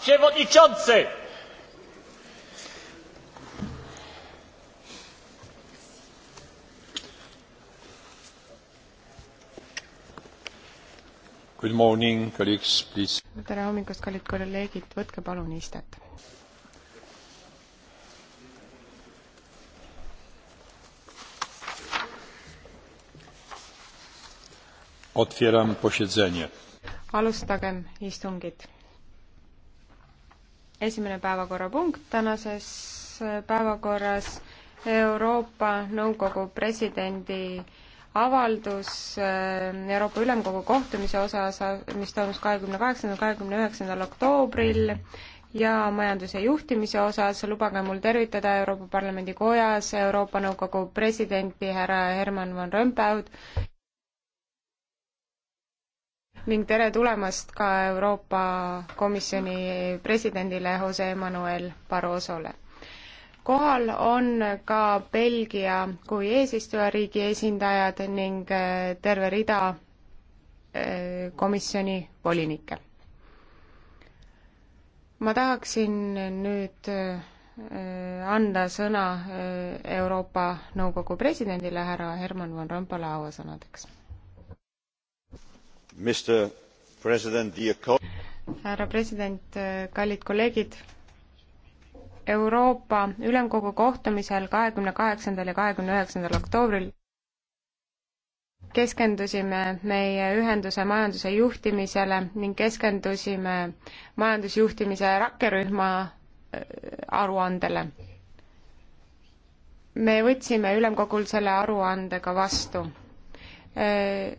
przewodniczący! Good morning, colleagues, please. tere hommikust, kallid kolleegid, võtke palun istet. Otwieram posiedzenie. Alustagem istungit esimene päevakorrapunkt tänases päevakorras Euroopa Nõukogu presidendi avaldus äh, Euroopa Ülemkogu kohtumise osas, mis toimus kahekümne kaheksandal, kahekümne üheksandal oktoobril ja majanduse juhtimise osas lubage mul tervitada Euroopa Parlamendi kojas Euroopa Nõukogu presidenti härra Herman Van Rompuyd ning tere tulemast ka Euroopa Komisjoni presidendile Jose Manuel Barrosole. kohal on ka Belgia kui eesistujariigi esindajad ning äh, terve rida äh, komisjoni volinikke. ma tahaksin nüüd äh, anda sõna Euroopa Nõukogu presidendile härra Herman Van Rompuy lauasõnadeks härra president kallid kolleegid euroopa ülemkogu kohtumisel ja oktoobril keskendusime meie ühenduse majanduse juhtimisele ning keskendusime majandusjuhtimise rakkerühma äh, aruandele me võtsime ülemkogul selle aruande ka vastu äh,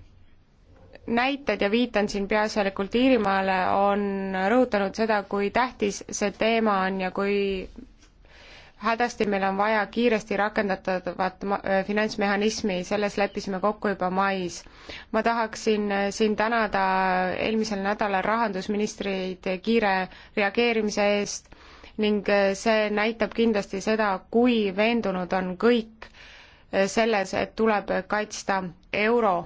näited ja viitan siin peaasjalikult Iirimaale, on rõhutanud seda, kui tähtis see teema on ja kui hädasti meil on vaja kiiresti rakendatavat äh, finantsmehhanismi, selles leppisime kokku juba mais. ma tahaksin äh, siin tänada eelmisel nädalal rahandusministreid kiire reageerimise eest ning äh, see näitab kindlasti seda, kui veendunud on kõik selles, et tuleb kaitsta euro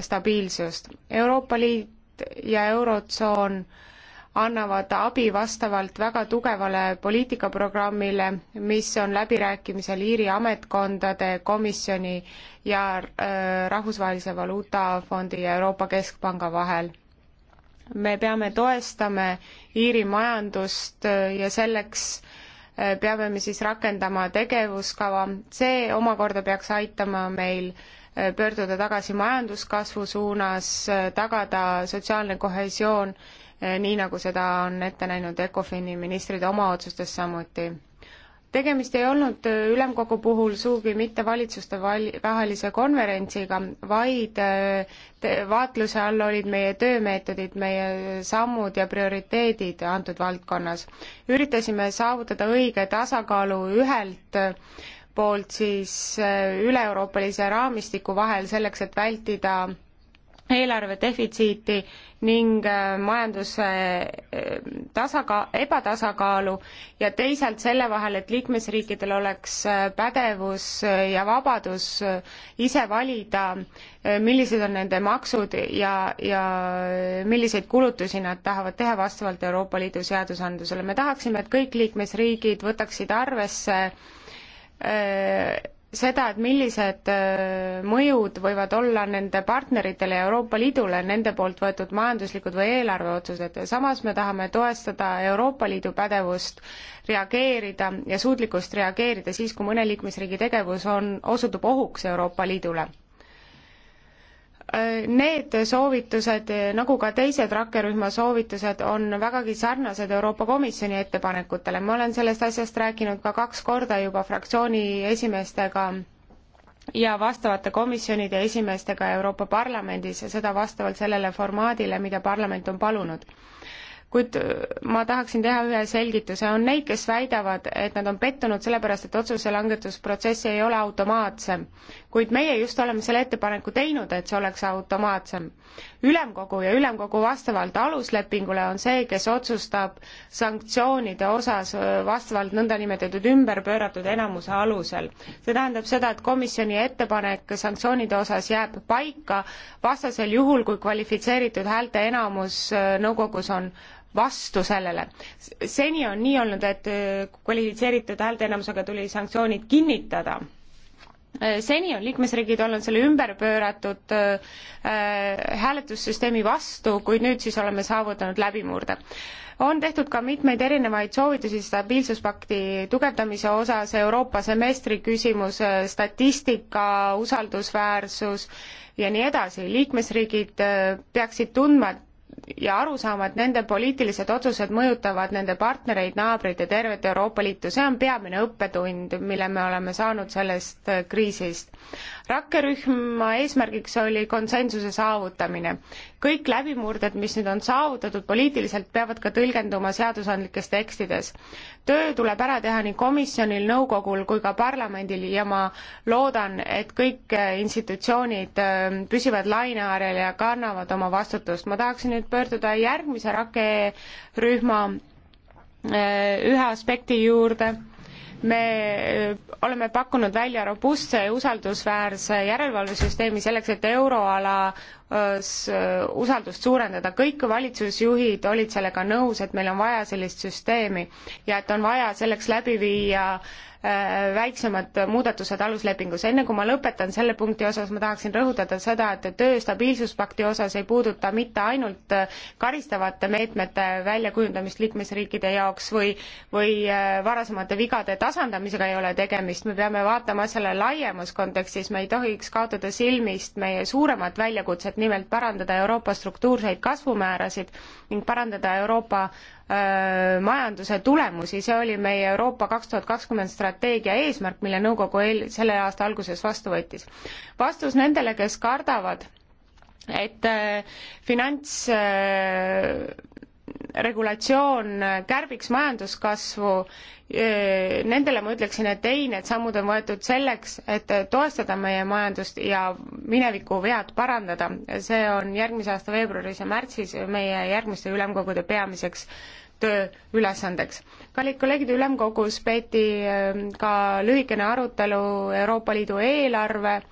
stabiilsust. Euroopa Liit ja Eurotsoon annavad abi vastavalt väga tugevale poliitikaprogrammile, mis on läbirääkimisel Iiri ametkondade, komisjoni ja äh, Rahvusvahelise Valuutafondi ja Euroopa Keskpanga vahel. me peame toestama Iiri majandust äh, ja selleks äh, peame me siis rakendama tegevuskava, see omakorda peaks aitama meil Äh, pöörduda tagasi majanduskasvu suunas, äh, tagada sotsiaalne kohesioon, äh, nii nagu seda on ette näinud ECOFIN-i ministrid oma otsustes samuti. tegemist ei olnud ülemkogu puhul sugugi mitte valitsuste val-, vahelise konverentsiga, vaid vaatluse all olid meie töömeetodid, meie sammud ja prioriteedid antud valdkonnas. üritasime saavutada õige tasakaalu ühelt poolt siis äh, üle-euroopalise raamistiku vahel selleks, et vältida eelarve defitsiiti ning äh, majanduse äh, tasaka-, ebatasakaalu ja teisalt selle vahel, et liikmesriikidel oleks pädevus ja vabadus ise valida, millised on nende maksud ja, ja milliseid kulutusi nad tahavad teha vastavalt Euroopa Liidu seadusandlusele. me tahaksime, et kõik liikmesriigid võtaksid arvesse Äh, seda, et millised äh, mõjud võivad olla nende partneritele ja Euroopa Liidule nende poolt võetud majanduslikud või eelarveotsused. samas me tahame toestada Euroopa Liidu pädevust reageerida ja suutlikkust reageerida siis, kui mõne liikmesriigi tegevus on, osutub ohuks Euroopa Liidule need soovitused, nagu ka teised rakkerühma soovitused, on vägagi sarnased Euroopa Komisjoni ettepanekutele. ma olen sellest asjast rääkinud ka kaks korda juba fraktsiooni esimeestega ja vastavate komisjonide esimeestega Euroopa Parlamendis ja seda vastavalt sellele formaadile, mida parlament on palunud kuid äh, ma tahaksin teha ühe selgituse, on neid, kes väidavad, et nad on pettunud sellepärast, et otsuse langetusprotsess ei ole automaatsem. kuid meie just oleme selle ettepaneku teinud, et see oleks automaatsem. ülemkogu ja ülemkogu vastavalt aluslepingule on see, kes otsustab sanktsioonide osas äh, vastavalt nõndanimetatud ümberpööratud enamuse alusel. see tähendab seda, et komisjoni ettepanek sanktsioonide osas jääb paika, vastasel juhul, kui kvalifitseeritud häälteenamus äh, nõukogus on vastu sellele. seni on nii olnud, et äh, kvalifitseeritud häälteenamusega tuli sanktsioonid kinnitada. Äh, seni on liikmesriigid olnud selle ümberpööratud äh, hääletussüsteemi vastu, kuid nüüd siis oleme saavutanud läbimurde on tehtud ka mitmeid erinevaid soovitusi stabiilsuspakti tugevdamise osas, Euroopa semestri küsimus, statistika usaldusväärsus ja nii edasi. liikmesriigid peaksid tundma, et ja aru saama, et nende poliitilised otsused mõjutavad nende partnereid, naabreid ja tervet Euroopa Liitu, see on peamine õppetund, mille me oleme saanud sellest kriisist rakkerühma eesmärgiks oli konsensuse saavutamine. kõik läbimurded, mis nüüd on saavutatud poliitiliselt, peavad ka tõlgenduma seadusandlikes tekstides. töö tuleb ära teha nii komisjonil, nõukogul kui ka parlamendil ja ma loodan, et kõik institutsioonid ähm, püsivad laineaarel ja kannavad oma vastutust. ma tahaksin nüüd pöörduda järgmise rakkerühma äh, ühe aspekti juurde me äh, oleme pakkunud välja robustse ja usaldusväärse järelevalvesüsteemi selleks, et euroala äh, äh, usaldust suurendada. kõik valitsusjuhid olid sellega nõus, et meil on vaja sellist süsteemi ja et on vaja selleks läbi viia Äh, väiksemad muudatused aluslepingus. enne kui ma lõpetan selle punkti osas, ma tahaksin rõhutada seda, et töö stabiilsuspakti osas ei puuduta mitte ainult äh, karistavate meetmete väljakujundamist liikmesriikide jaoks või, või äh, varasemate vigade tasandamisega ei ole tegemist, me peame vaatama selle laiemas kontekstis, me ei tohiks kaotada silmist meie suuremat väljakutset, nimelt parandada Euroopa struktuurseid kasvumäärasid ning parandada Euroopa Äh, majanduse tulemusi, see oli meie Euroopa kaks tuhat kakskümmend strateegia eesmärk, mille nõukogu eel, selle aasta alguses vastu võttis. vastus nendele, kes kardavad, et äh, finants äh, regulatsioon kärbiks majanduskasvu, nendele ma ütleksin, et ei, need sammud on võetud selleks, et toestada meie majandust ja mineviku vead parandada. see on järgmise aasta veebruaris ja märtsis meie järgmiste ülemkogude peamiseks tööülesandeks. kallid kolleegid, ülemkogus peeti ka lühikene arutelu Euroopa Liidu eelarve äh,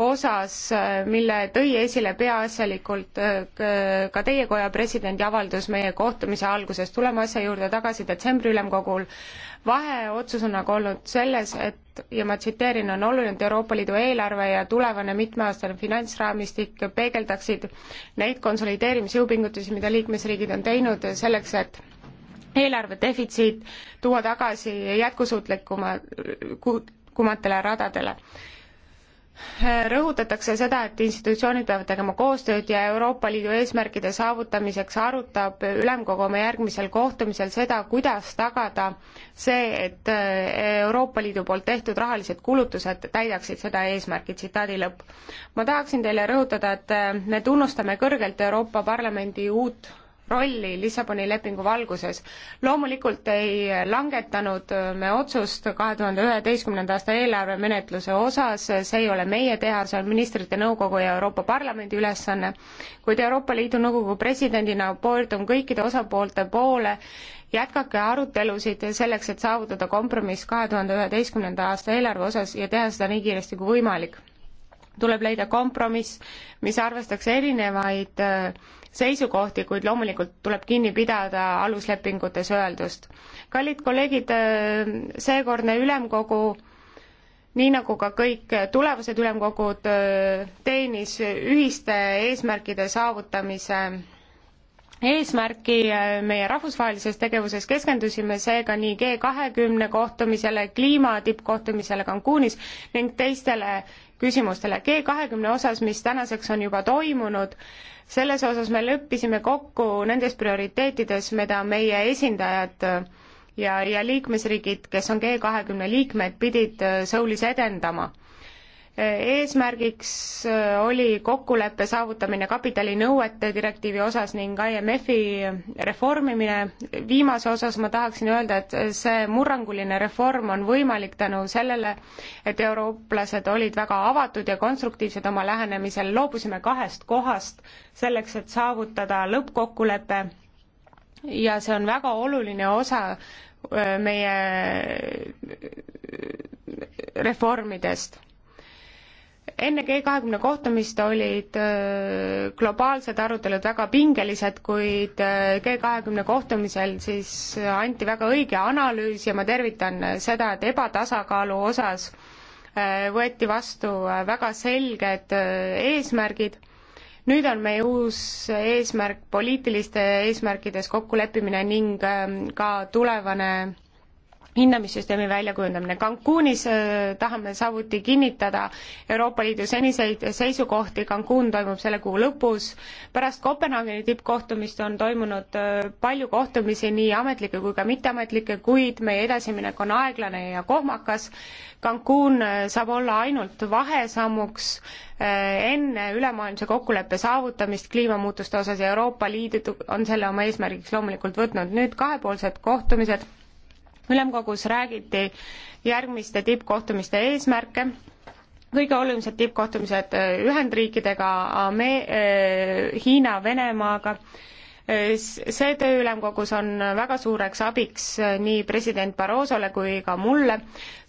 osas, äh, mille tõi esile peaasjalikult äh, ka teie koja presidendi avaldus meie kohtumise alguses. tuleme asja juurde tagasi detsembri ülemkogul. vaheotsus on aga olnud selles, et ja ma tsiteerin, on oluline, et Euroopa Liidu eelarve ja tulevane mitmeaastane finantsraamistik peegeldaksid neid konsolideerimisjõupingutusi, mida liikmesriigid on teinud selleks, et eelarve defitsiit tuua tagasi jätkusuutlikuma, kumatele radadele rõhutatakse seda, et institutsioonid peavad tegema koostööd ja Euroopa Liidu eesmärkide saavutamiseks arutab ülemkogu oma järgmisel kohtumisel seda, kuidas tagada see, et eh, Euroopa Liidu poolt tehtud rahalised kulutused täidaksid seda eesmärki, tsitaadi lõpp. ma tahaksin teile rõhutada, et eh, me tunnustame kõrgelt Euroopa Parlamendi uut rolli Lissaboni lepingu valguses. loomulikult ei langetanud me otsust kahe tuhande üheteistkümnenda aasta eelarvemenetluse osas, see ei ole meie teha, see on ministrite nõukogu ja Euroopa Parlamendi ülesanne, kuid Euroopa Liidu Nõukogu presidendina pöördun kõikide osapoolte poole jätkake arutelusid selleks, et saavutada kompromiss kahe tuhande üheteistkümnenda aasta eelarve osas ja teha seda nii kiiresti kui võimalik. tuleb leida kompromiss, mis arvestaks erinevaid äh, seisukohti, kuid loomulikult tuleb kinni pidada aluslepingutes öeldust. kallid kolleegid, äh, seekordne ülemkogu nii nagu ka kõik tulevased ülemkogud, äh, teenis ühiste eesmärkide saavutamise eesmärki äh, meie rahvusvahelises tegevuses keskendusime seega nii G kahekümne kohtumisele, kliima tippkohtumisele Cancunis ning teistele küsimustele. G kahekümne osas, mis tänaseks on juba toimunud, selles osas me leppisime kokku nendes prioriteetides, mida meie esindajad ja, ja liikmesriigid, kes on G kahekümne liikmed, pidid äh, Soulis edendama eesmärgiks äh, oli kokkuleppe saavutamine kapitalinõuete direktiivi osas ning IMF-i reformimine. viimase osas ma tahaksin öelda, et see murranguline reform on võimalik tänu sellele, et eurooplased olid väga avatud ja konstruktiivsed oma lähenemisel, loobusime kahest kohast selleks, et saavutada lõppkokkulepe ja see on väga oluline osa äh, meie äh, reformidest enne G kahekümne kohtumist olid äh, globaalsed arutelud väga pingelised, kuid äh, G kahekümne kohtumisel siis anti väga õige analüüs ja ma tervitan seda, et ebatasakaalu osas äh, võeti vastu väga selged eesmärgid. nüüd on meie uus eesmärk poliitiliste eesmärkides kokkuleppimine ning ähm, ka tulevane hindamissüsteemi väljakujundamine. Cancunis äh, tahame samuti kinnitada Euroopa Liidu seniseid seisukohti, Cancun toimub selle kuu lõpus. pärast Kopenhaageni tippkohtumist on toimunud äh, palju kohtumisi, nii ametlikke kui ka mitteametlikke, kuid meie edasiminek on aeglane ja kohmakas. Cancun äh, saab olla ainult vahesammuks enne ülemaailmse kokkuleppe saavutamist kliimamuutuste osas ja Euroopa Liit on selle oma eesmärgiks loomulikult võtnud. nüüd kahepoolsed kohtumised ülemkogus räägiti järgmiste tippkohtumiste eesmärke, kõige olulisemad tippkohtumised äh, Ühendriikidega, Ame-, äh, Hiina, Venemaaga, äh, see töö ülemkogus on väga suureks abiks nii president Barrosole kui ka mulle,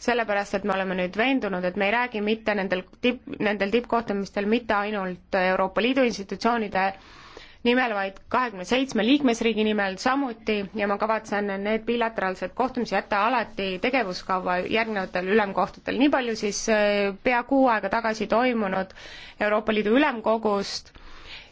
sellepärast et me oleme nüüd veendunud, et me ei räägi mitte nendel tipp, nendel tippkohtumistel mitte ainult Euroopa Liidu institutsioonide nimel, vaid kahekümne seitsme liikmesriigi nimel samuti ja ma kavatsen need bilateraalsed kohtumised jätta alati tegevuskava järgnevatel ülemkohtadel. nii palju siis äh, pea kuu aega tagasi toimunud Euroopa Liidu Ülemkogust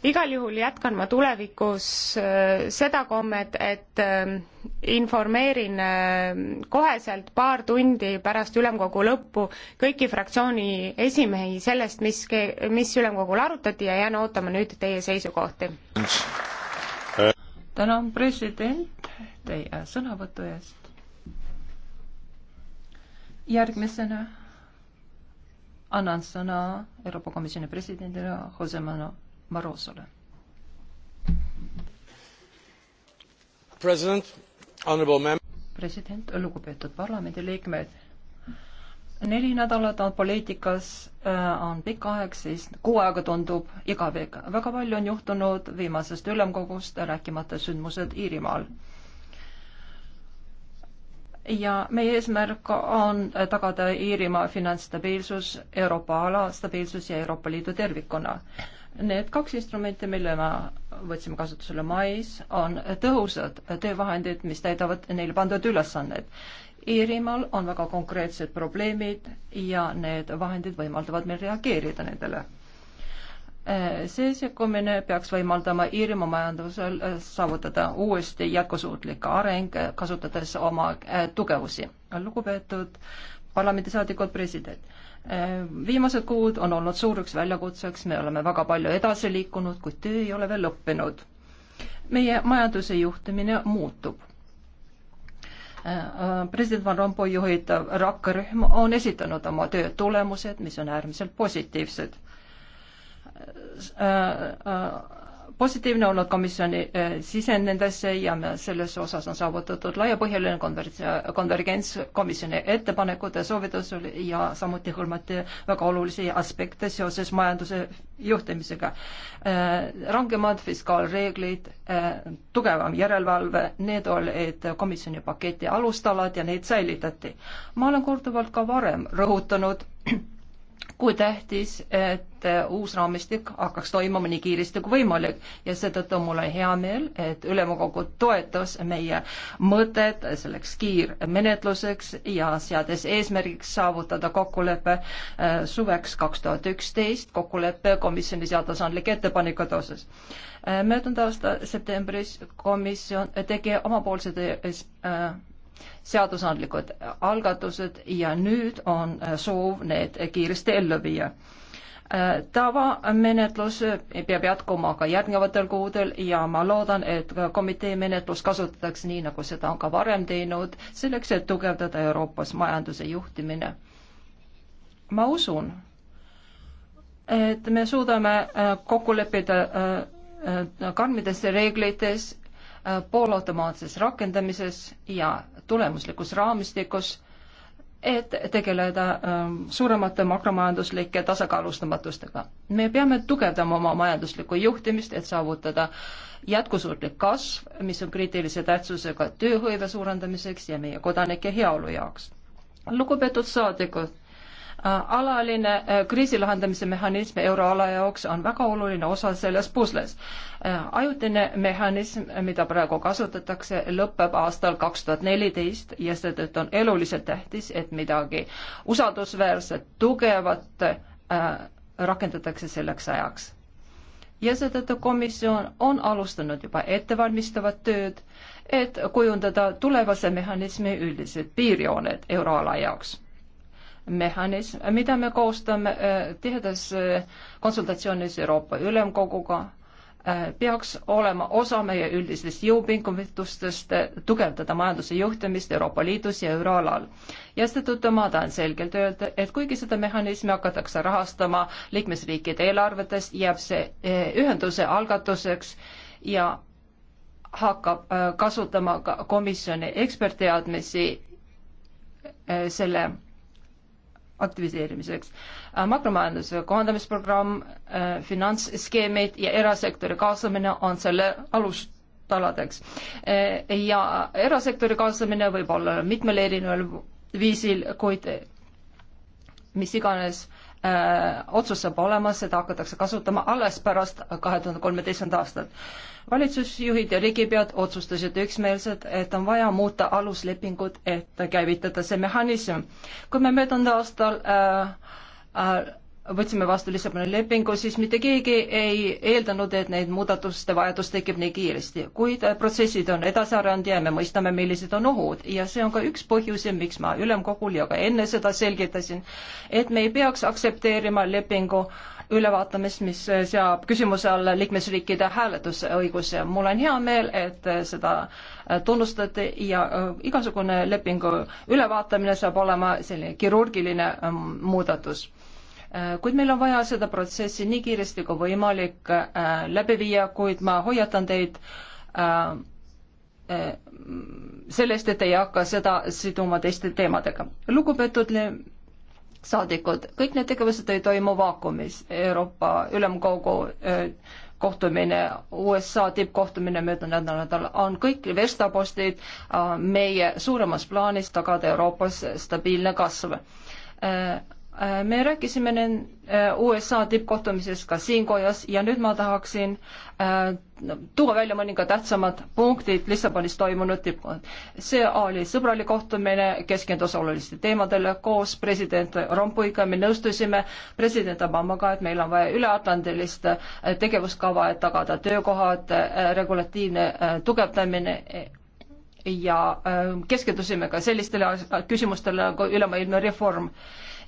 igal juhul jätkan ma tulevikus äh, seda kommet, et äh, informeerin äh, koheselt paar tundi pärast ülemkogu lõppu kõiki fraktsiooni esimehi sellest, mis, mis ülemkogul arutati ja jään ootama nüüd teie seisukohti. tänan, president, teie sõnavõtu eest. järgmisena annan sõna Euroopa Komisjoni presidendile Jose Manuel Barrosole. president, president, lugupeetud parlamendiliikmed neli nädalat on poliitikas, äh, on pikk aeg, siis kuu aega tundub igav. väga palju on juhtunud viimasest ülemkogust, rääkimata sündmused Iirimaal. ja meie eesmärk on äh, tagada Iirimaa finantsstabiilsus, Euroopa ala stabiilsus ja Euroopa Liidu tervikuna Need kaks instrumenti, mille me võtsime kasutusele mais, on tõhusad töövahendid, mis täidavad neile pandud ülesannet. Iirimaal on väga konkreetsed probleemid ja need vahendid võimaldavad meil reageerida nendele. see sekkumine peaks võimaldama Iirimaa majandusel saavutada uuesti jätkusuutlik areng, kasutades oma tugevusi. lugupeetud parlamendisaadikud, president Äh, viimased kuud on olnud suureks väljakutseks, me oleme väga palju edasi liikunud, kuid töö ei ole veel lõppenud. meie majanduse juhtimine muutub. Äh, äh, president Van Rompuy juhitav rakkerühm on esitanud oma töö tulemused, mis on äärmiselt positiivsed positiivne olnud komisjoni äh, sisend nendesse ja me selles osas on saavutatud laiapõhjaline konver-, konvergents komisjoni ettepanekute soovitusel ja samuti hõlmati väga olulisi aspekte seoses majanduse juhtimisega. Äh, rangemad fiskaalreeglid, äh, tugevam järelevalve, need olid komisjoni paketi alustalad ja neid säilitati. ma olen korduvalt ka varem rõhutanud, kui tähtis, et äh, uus raamistik hakkaks toimuma nii kiiresti kui võimalik ja seetõttu mul on hea meel, et ülemkogu toetas meie mõtet selleks kiirmenetluseks ja seades eesmärgiks saavutada kokkulepe äh, suveks kaks tuhat üksteist, kokkulepe komisjoni seadusandlike ettepanekute osas. Äh, möödunud aasta septembris komisjon tegi omapoolsed seadusandlikud algatused ja nüüd on äh, soov need kiiresti ellu viia äh, tavamenetlus äh, peab jätkuma ka järgnevatel kuudel ja ma loodan, et komitee menetlus kasutatakse nii, nagu seda on ka varem teinud, selleks, et tugevdada Euroopas majanduse juhtimine. ma usun, et me suudame kokku leppida karmides reeglites poolautomaatses rakendamises ja tulemuslikus raamistikus, et tegeleda ähm, suuremate makromajanduslike tasakaalustamatustega. me peame tugevdama oma majanduslikku juhtimist, et saavutada jätkusuutlik kasv, mis on kriitilise tähtsusega tööhõive suurendamiseks ja meie kodanike heaolu jaoks. lugupeetud saadikud, alaline äh, kriisi lahendamise mehhanism euroala jaoks on väga oluline osa selles pusles. Äh, ajutine mehhanism, mida praegu kasutatakse, lõpeb aastal kaks tuhat neliteist ja seetõttu on eluliselt tähtis, et midagi usaldusväärset, tugevat äh, rakendatakse selleks ajaks ja seetõttu komisjon on alustanud juba ettevalmistavat tööd, et kujundada tulevase mehhanismi üldised piirjooned euroala jaoks mehhanism, mida me koostame äh, tihedas äh, konsultatsioonis Euroopa Ülemkoguga, äh, peaks olema osa meie üldistest jõupingutustest tugevdada majanduse juhtimist Euroopa Liidus ja euroalal. ja seetõttu ma tahan selgelt öelda, et kuigi seda mehhanismi hakatakse rahastama liikmesriikide eelarvetes, jääb see ühenduse algatuseks ja hakkab kasutama ka komisjoni ekspertteadmisi selle aktiviseerimiseks. Äh, makromajanduse kohandamisprogramm, äh, finantsskeemid ja erasektori kaasamine on selle alust aladeks. Äh, ja erasektori kaasamine võib olla mitmel erineval viisil, kuid mis iganes Äh, otsus saab olema, seda hakatakse kasutama alles pärast kahe tuhande kolmeteistkümnenda aastat. valitsusjuhid ja riigipead otsustasid üksmeelselt, et on vaja muuta aluslepingut, et käivitada see mehhanism. kui me möödunud aastal äh, äh, võtsime vastu Lissaboni lepingu, siis mitte keegi ei eeldanud, et neid muudatuste vajadus tekib nii kiiresti, kuid protsessid on edasi arenenud ja me mõistame, millised on ohud ja see on ka üks põhjusi, miks ma ülemkogul ja ka enne seda selgitasin, et me ei peaks aktsepteerima lepingu ülevaatamist, mis seab küsimuse alla liikmesriikide hääletusõiguse. mul on hea meel, et seda tunnustati ja äh, igasugune lepingu ülevaatamine saab olema selline kirurgiline mm, muudatus Äh, kuid meil on vaja seda protsessi nii kiiresti kui võimalik äh, läbi viia, kuid ma hoiatan teid äh, sellest, et ei hakka seda siduma teiste teemadega. lugupeetud saadikud, kõik need tegevused ei toimu vaakumis. Euroopa Ülemkogu kohtumine, USA tippkohtumine möödunud nädalal on kõik verstapostid meie suuremas plaanis tagada Euroopas stabiilne kasv Äh, me rääkisime äh, USA tippkohtumisest ka siin kojas ja nüüd ma tahaksin äh, tuua välja mõningad tähtsamad punktid Lissabonis toimunud tippkoht-. see oli sõbralik kohtumine, keskendus olulistele teemadele, koos president Rompuiga me nõustusime president Obamaga, et meil on vaja üleatlandilist tegevuskava, et tagada töökohad, regulatiivne tugevdamine ja keskendusime ka sellistele küsimustele nagu ülemaailmne reform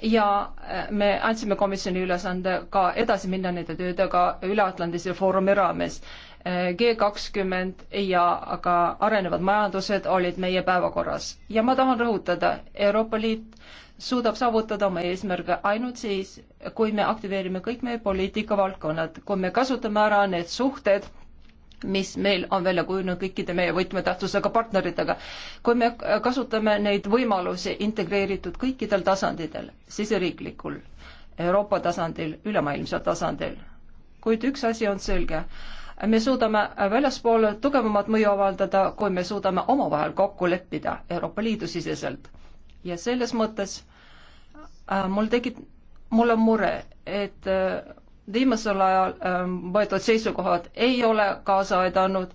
ja äh, me andsime komisjoni ülesande ka edasi minna nende töödega Üle-Atlandise Foorumi raames. Äh, G kakskümmend ja ka arenevad majandused olid meie päevakorras ja ma tahan rõhutada, Euroopa Liit suudab saavutada oma eesmärge ainult siis, kui me aktiveerime kõik meie poliitikavaldkonnad, kui me kasutame ära need suhted mis meil on välja kujunenud kõikide meie võtmetähtsusega partneritega. kui me kasutame neid võimalusi integreeritud kõikidel tasanditel, siseriiklikul, Euroopa tasandil, ülemaailmsel tasandil, kuid üks asi on selge, me suudame väljaspool tugevamat mõju avaldada, kui me suudame omavahel kokku leppida Euroopa Liidu siseselt. ja selles mõttes äh, mul tekib, mul on mure, et äh, viimasel ajal ähm, võetud seisukohad ei ole kaasa aidanud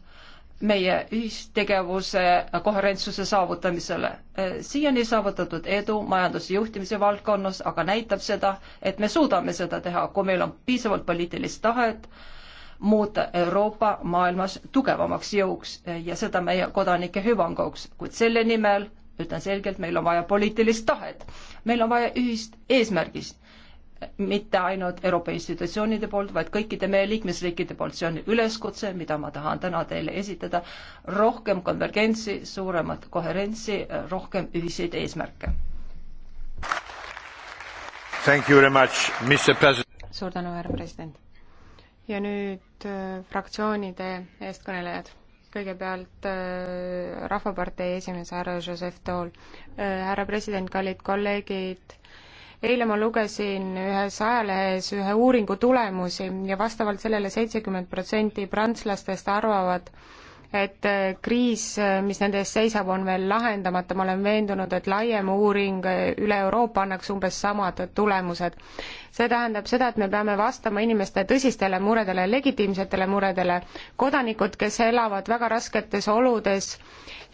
meie ühistegevuse koherentsuse saavutamisele. Äh, siiani saavutatud edu majandusjuhtimise valdkonnas aga näitab seda, et me suudame seda teha, kui meil on piisavalt poliitilist tahet muuta Euroopa maailmas tugevamaks jõuks äh, ja seda meie kodanike hüvanguks, kuid selle nimel ütlen selgelt, meil on vaja poliitilist tahet, meil on vaja ühist eesmärgist mitte ainult Euroopa institutsioonide poolt, vaid kõikide meie liikmesriikide poolt. see on üleskutse, mida ma tahan täna teile esitada. rohkem konvergentsi, suuremat koherentsi, rohkem ühiseid eesmärke. suur tänu, härra president. ja nüüd äh, fraktsioonide eestkõnelejad. kõigepealt äh, Rahvapartei esimees härra Joseph Tool äh,. härra president, kallid kolleegid eile ma lugesin ühes ajalehes ühe uuringu tulemusi ja vastavalt sellele seitsekümmend protsenti prantslastest arvavad, et äh, kriis, äh, mis nende ees seisab, on veel lahendamata, ma olen veendunud, et laiem uuring äh, üle Euroopa annaks umbes samad tulemused. see tähendab seda, et me peame vastama inimeste tõsistele muredele, legitiimsetele muredele. kodanikud, kes elavad väga rasketes oludes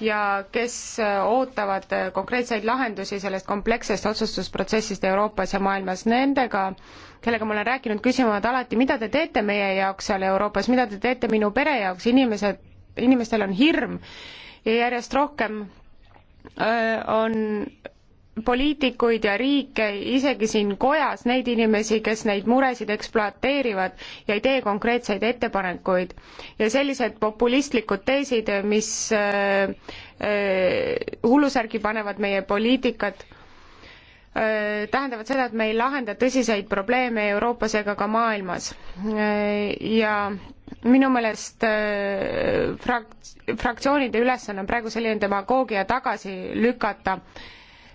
ja kes ootavad konkreetseid lahendusi sellest komplekssest otsustusprotsessist Euroopas ja maailmas, nendega kellega ma olen rääkinud, küsivad alati, mida te teete meie jaoks seal Euroopas, mida te teete minu pere jaoks, inimesed inimestel on hirm ja järjest rohkem on poliitikuid ja riike, isegi siin kojas, neid inimesi, kes neid muresid ekspluateerivad ja ei tee konkreetseid ettepanekuid. ja sellised populistlikud teesid, mis äh, äh, hullusärgi panevad meie poliitikat äh,, tähendavad seda, et me ei lahenda tõsiseid probleeme Euroopas ega ka maailmas. ja minu meelest äh, frak-, fraktsioonide ülesanne on praegu selline demagoogia tagasi lükata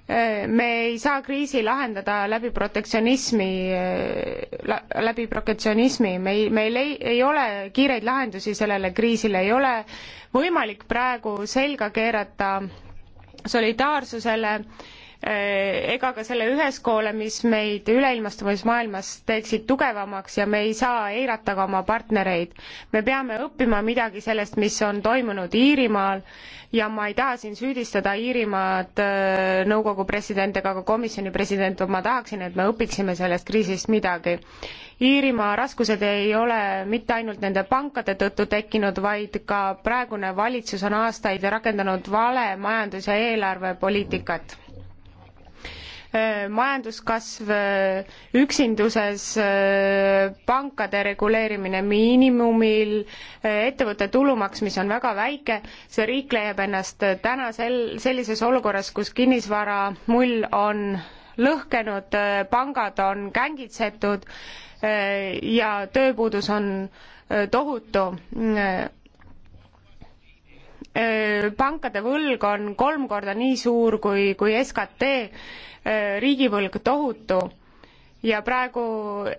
äh,. me ei saa kriisi lahendada läbi protektsionismi äh,, läbi protektsionismi, me ei, meil ei, ei ole kiireid lahendusi sellele kriisile, ei ole võimalik praegu selga keerata solidaarsusele äh, Äh, ega ka selle üheskoole, mis meid üleilmastumises maailmas teeksid tugevamaks ja me ei saa eirata ka oma partnereid. me peame õppima midagi sellest, mis on toimunud Iirimaal ja ma ei taha siin süüdistada Iirimaad äh, nõukogu president ega ka komisjoni president, ma tahaksin, et me õpiksime sellest kriisist midagi. Iirimaa raskused ei ole mitte ainult nende pankade tõttu tekkinud, vaid ka praegune valitsus on aastaid rakendanud vale majandus- ja eelarvepoliitikat Äh, majanduskasv äh, üksinduses, äh, pankade reguleerimine miinimumil, ettevõtte tulumaks, mis on väga väike, see riik leiab ennast täna sel-, sellises olukorras, kus kinnisvara mull on lõhkenud, pangad on kängitsetud ja tööpuudus on tohutu pankade võlg on kolm korda nii suur kui, kui SKT Äh, riigivõlg tohutu ja praegu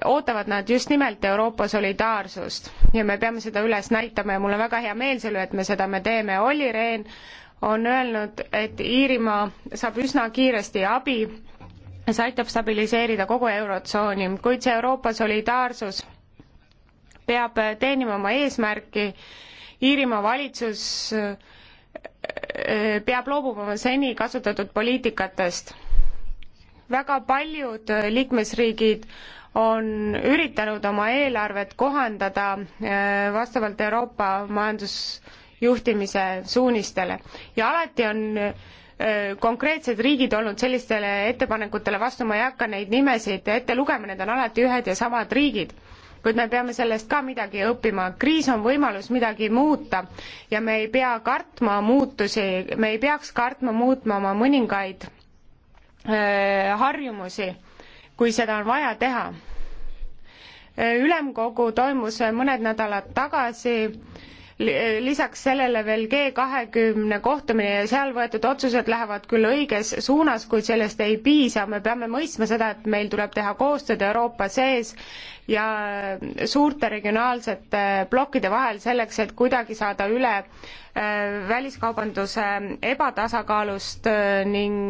ootavad nad just nimelt Euroopa solidaarsust ja me peame seda üles näitama ja mul on väga hea meel selle, et me seda me teeme. Olli Rehn on öelnud, et Iirimaa saab üsna kiiresti abi, see aitab stabiliseerida kogu Eurotsooni, kuid see Euroopa solidaarsus peab teenima oma eesmärki. Iirimaa valitsus äh, peab loobuma seni kasutatud poliitikatest väga paljud äh, liikmesriigid on üritanud oma eelarvet kohandada äh, vastavalt Euroopa majandusjuhtimise suunistele ja alati on äh, konkreetsed riigid olnud sellistele ettepanekutele vastu, ma ei hakka neid nimesid ette lugema, need on alati ühed ja samad riigid. kuid me peame sellest ka midagi õppima, kriis on võimalus midagi muuta ja me ei pea kartma muutusi, me ei peaks kartma muutma oma mõningaid Äh, harjumusi, kui seda on vaja teha. Äh, ülemkogu toimus mõned nädalad tagasi lisaks sellele veel G kahekümne kohtumine ja seal võetud otsused lähevad küll õiges suunas, kuid sellest ei piisa, me peame mõistma seda, et meil tuleb teha koostööd Euroopa sees ja suurte regionaalsete plokkide vahel selleks, et kuidagi saada üle äh, väliskaubanduse ebatasakaalust ning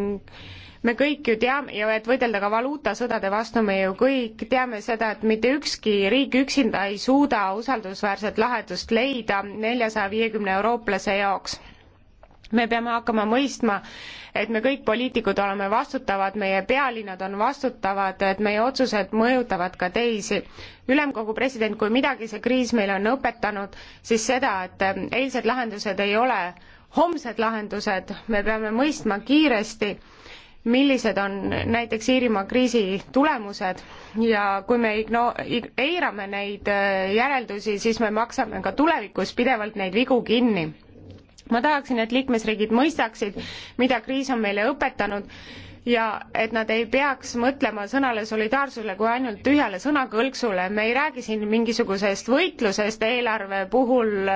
me kõik ju teame ja et võidelda ka valuutasõdade vastu, me ju kõik teame seda, et mitte ükski riik üksinda ei suuda usaldusväärset lahendust leida neljasaja viiekümne eurooplase jaoks me peame hakkama mõistma, et me kõik poliitikud oleme vastutavad, meie pealinnad on vastutavad, et meie otsused mõjutavad ka teisi. ülemkogu president, kui midagi see kriis meile on õpetanud, siis seda, et eilsed lahendused ei ole homsed lahendused, me peame mõistma kiiresti millised on näiteks Iirimaa kriisi tulemused ja kui me igno-, eirame neid äh, järeldusi, siis me maksame ka tulevikus pidevalt neid vigu kinni. ma tahaksin, et liikmesriigid mõistaksid, mida kriis on meile õpetanud ja et nad ei peaks mõtlema sõnale solidaarsusele kui ainult tühjale sõnakõlksule. me ei räägi siin mingisugusest võitlusest eelarve puhul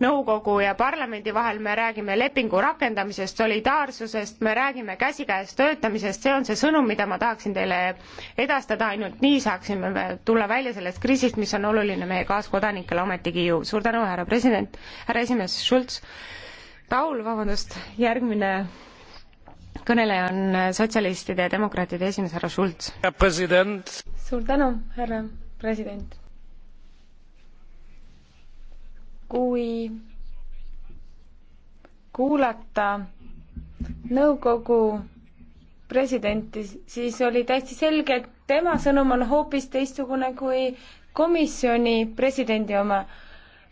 nõukogu ja parlamendi vahel, me räägime lepingu rakendamisest, solidaarsusest, me räägime käsikäes töötamisest, see on see sõnum, mida ma tahaksin teile edastada, ainult nii saaksime me tulla välja sellest kriisist, mis on oluline meie kaaskodanikele ometigi ju. suur tänu, härra president, härra esimees Schulz. Raul, vabandust, järgmine kõneleja on sotsialistide ja demokraatide esimees härra Schulz. suur tänu, härra president. kui kuulata nõukogu presidenti, siis oli täiesti selge, et tema sõnum on hoopis teistsugune kui komisjoni presidendi oma.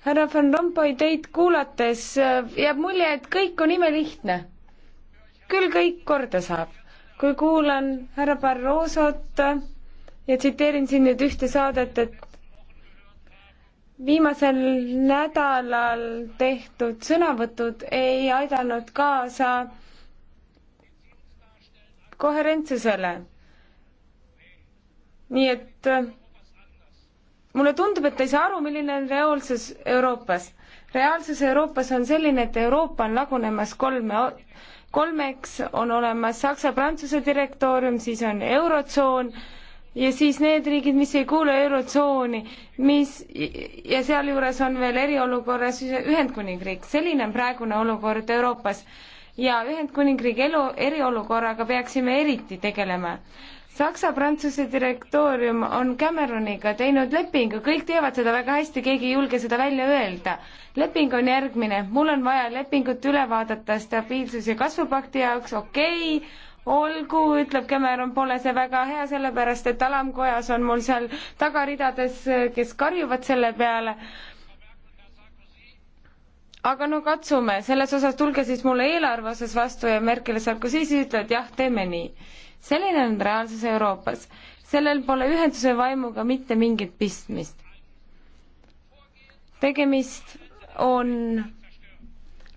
härra Van Rompuy, teid kuulates jääb mulje, et kõik on imelihtne küll kõik korda saab. kui kuulan härra Barrosot ja tsiteerin siin nüüd ühte saadet, et viimasel nädalal tehtud sõnavõtud ei aidanud kaasa koherentsusele. nii et äh, mulle tundub, et ta ei saa aru, milline on reaalsus Euroopas. reaalsus Euroopas on selline, et Euroopa on lagunemas kolme kolmeks on olemas Saksa-Prantsuse direktoorium, siis on Eurotsoon ja siis need riigid, mis ei kuulu Eurotsooni, mis ja sealjuures on veel eriolukorras Ühendkuningriik, selline on praegune olukord Euroopas ja Ühendkuningriigi elu, eriolukorraga peaksime eriti tegelema. Saksa-Prantsuse direktoorium on Cameroniga teinud lepingu, kõik teavad seda väga hästi, keegi ei julge seda välja öelda. leping on järgmine, mul on vaja lepingut üle vaadata stabiilsus- ja kasvupakti jaoks, okei okay,, olgu, ütleb Cameron, pole see väga hea, sellepärast et alamkojas on mul seal tagaridades, kes karjuvad selle peale. aga no katsume, selles osas tulge siis mulle eelarve osas vastu ja Merkel ja Sarkozy siis ütlevad jah, teeme nii selline on reaalsus Euroopas. sellel pole ühenduse vaimuga mitte mingit pistmist. tegemist on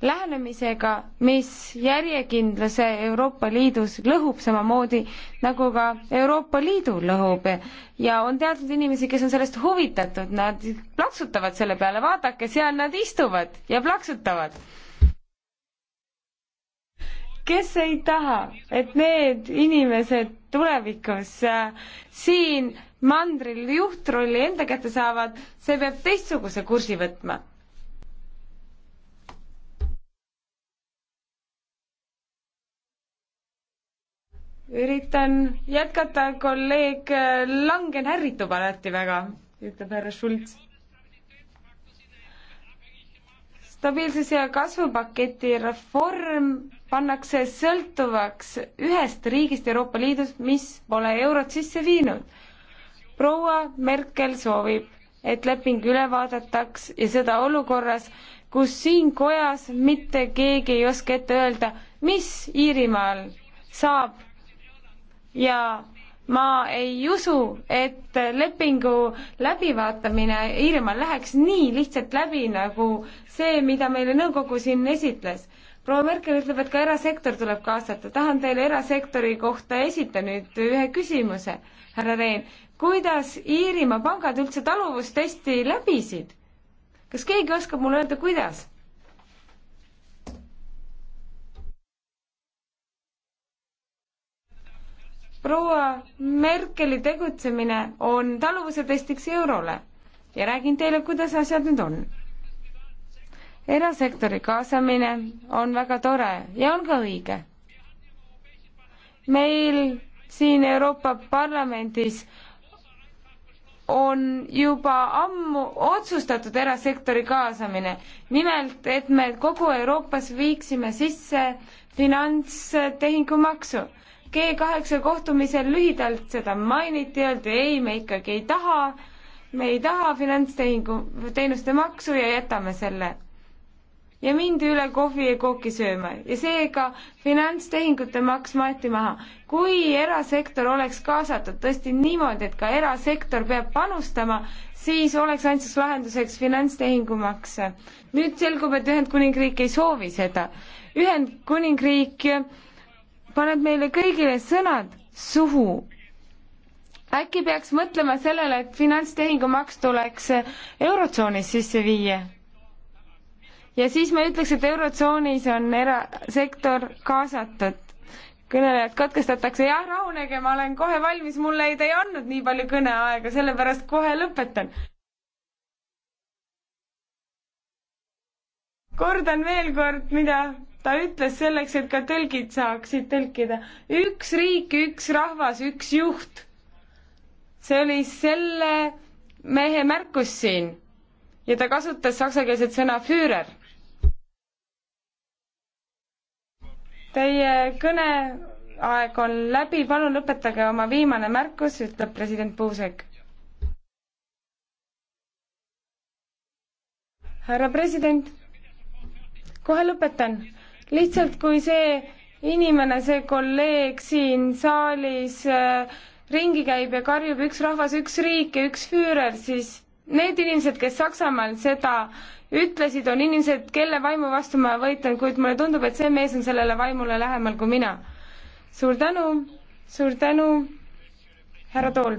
lähenemisega, mis järjekindluse Euroopa Liidus lõhub samamoodi nagu ka Euroopa Liidu lõhub ja on teatud inimesi, kes on sellest huvitatud, nad plaksutavad selle peale, vaadake, seal nad istuvad ja plaksutavad kes ei taha, et need inimesed tulevikus äh, siin mandril juhtrolli enda kätte saavad, see peab teistsuguse kursi võtma üritan jätkata, kolleeg äh, Langen ärritub alati väga, ütleb härra Schulz. stabiilsus- ja kasvupaketi reform pannakse sõltuvaks ühest riigist Euroopa Liidus, mis pole eurot sisse viinud. proua Merkel soovib, et leping üle vaadataks ja seda olukorras, kus siin kojas mitte keegi ei oska ette öelda, mis Iirimaal saab ja ma ei usu, et lepingu läbivaatamine Iirimaal läheks nii lihtsalt läbi, nagu see, mida meile nõukogu siin esitles proua Merkel ütleb, et ka erasektor tuleb kaasata. tahan teile erasektori kohta esita nüüd ühe küsimuse, härra Rein. kuidas Iirimaa pangad üldse taluvustesti läbisid? kas keegi oskab mulle öelda, kuidas? proua Merkeli tegutsemine on taluvuse testiks eurole ja räägin teile, kuidas asjad nüüd on erasektori kaasamine on väga tore ja on ka õige. meil siin Euroopa Parlamendis on juba ammu otsustatud erasektori kaasamine. nimelt, et me kogu Euroopas viiksime sisse finantstehingumaksu. G kaheksa kohtumisel lühidalt seda mainiti, öeldi ei, me ikkagi ei taha, me ei taha finantstehingu, teenuste maksu ja jätame selle ja mindi üle kohvi ja kooki sööma ja seega finantstehingute maks maeti maha. kui erasektor oleks kaasatud tõesti niimoodi, et ka erasektor peab panustama, siis oleks ainsaks lahenduseks finantstehingumaks. nüüd selgub, et Ühendkuningriik ei soovi seda. Ühendkuningriik paneb meile kõigile sõnad suhu äkki peaks mõtlema sellele, et finantstehingumaks tuleks Eurotsoonis sisse viia? ja siis ma ei ütleks, et Eurotsoonis on erasektor kaasatud. kõnelejad katkestatakse, jah, rahunege, ma olen kohe valmis, mulle ei, te ei andnud nii palju kõneaega, sellepärast kohe lõpetan. kordan veel kord, mida ta ütles selleks, et ka tõlgid saaksid tõlkida. üks riik, üks rahvas, üks juht. see oli selle mehe märkus siin ja ta kasutas saksakeelset sõna Führer Teie kõneaeg on läbi, palun lõpetage oma viimane märkus, ütleb president Puusek. härra president, kohe lõpetan. lihtsalt, kui see inimene, see kolleeg siin saalis äh, ringi käib ja karjub üks rahvas, üks riik ja üks füürer, siis need inimesed, kes Saksamaal seda ütlesid, on inimesed, kelle vaimu vastu ma võitlen, kuid mulle tundub, et see mees on sellele vaimule lähemal kui mina. suur tänu, suur tänu, härra Tool.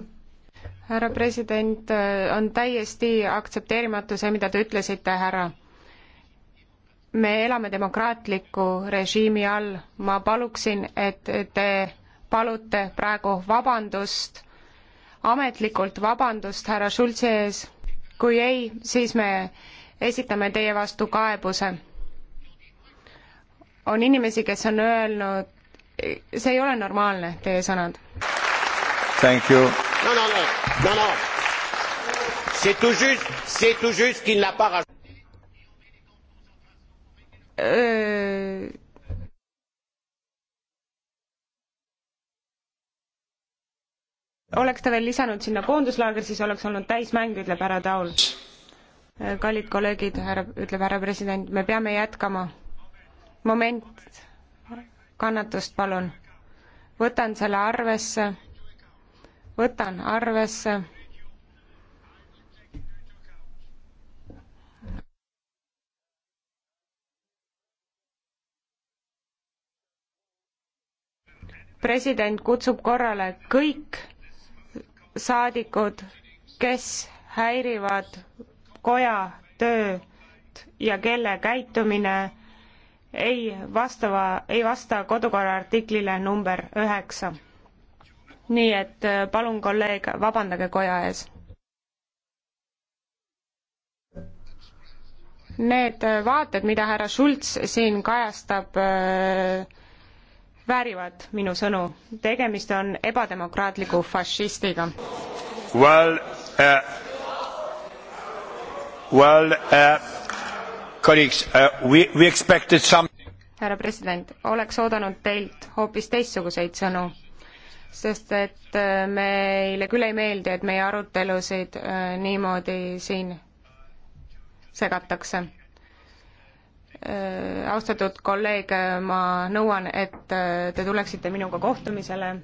härra president, on täiesti aktsepteerimatu see, mida te ütlesite, härra. me elame demokraatliku režiimi all, ma paluksin, et te palute praegu vabandust, ametlikult vabandust härra Schultzi ees, kui ei, siis me esitame teie vastu kaebuse. on inimesi, kes on öelnud, see ei ole normaalne, teie sõnad. Thank you. no, no, no, no, no. see tout just, see tout just qu'il n'a pas Öö... Äh. oleks ta veel lisanud sinna koonduslaager, siis oleks olnud täismäng, ütleb härra Taul kallid kolleegid, härra, ütleb härra president, me peame jätkama. moment, kannatust palun. võtan selle arvesse, võtan arvesse president kutsub korrale kõik saadikud, kes häirivad koja tööd ja kelle käitumine ei vastava, ei vasta kodukorra artiklile number üheksa. nii et äh, palun, kolleeg, vabandage koja ees. Need äh, vaated, mida härra Schulz siin kajastab, äh, väärivad minu sõnu. tegemist on ebademokraatliku fašistiga well,. Uh Well, uh, colleagues, uh, we, we expected some härra president, oleks oodanud teilt hoopis teistsuguseid sõnu, sest et äh, meile küll ei meeldi, et meie arutelusid äh, niimoodi siin segatakse. Äh, austatud kolleeg, ma nõuan, et te tuleksite minuga kohtumisele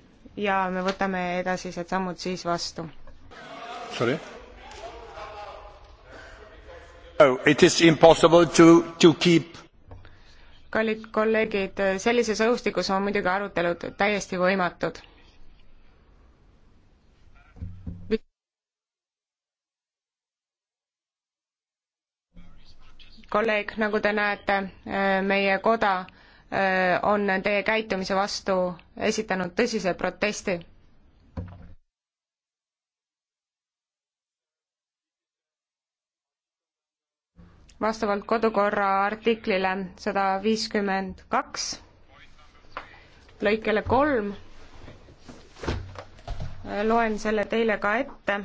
ja me võtame edasised sammud siis vastu. Sorry? Oh, to, to keep... kallid kolleegid, sellises õhustikus on muidugi arutelud täiesti võimatud. kolleeg, nagu te näete, meie koda eh, on teie käitumise vastu esitanud tõsise protesti vastavalt kodukorra artiklile sada viiskümmend kaks lõikele kolm. loen selle teile ka ette.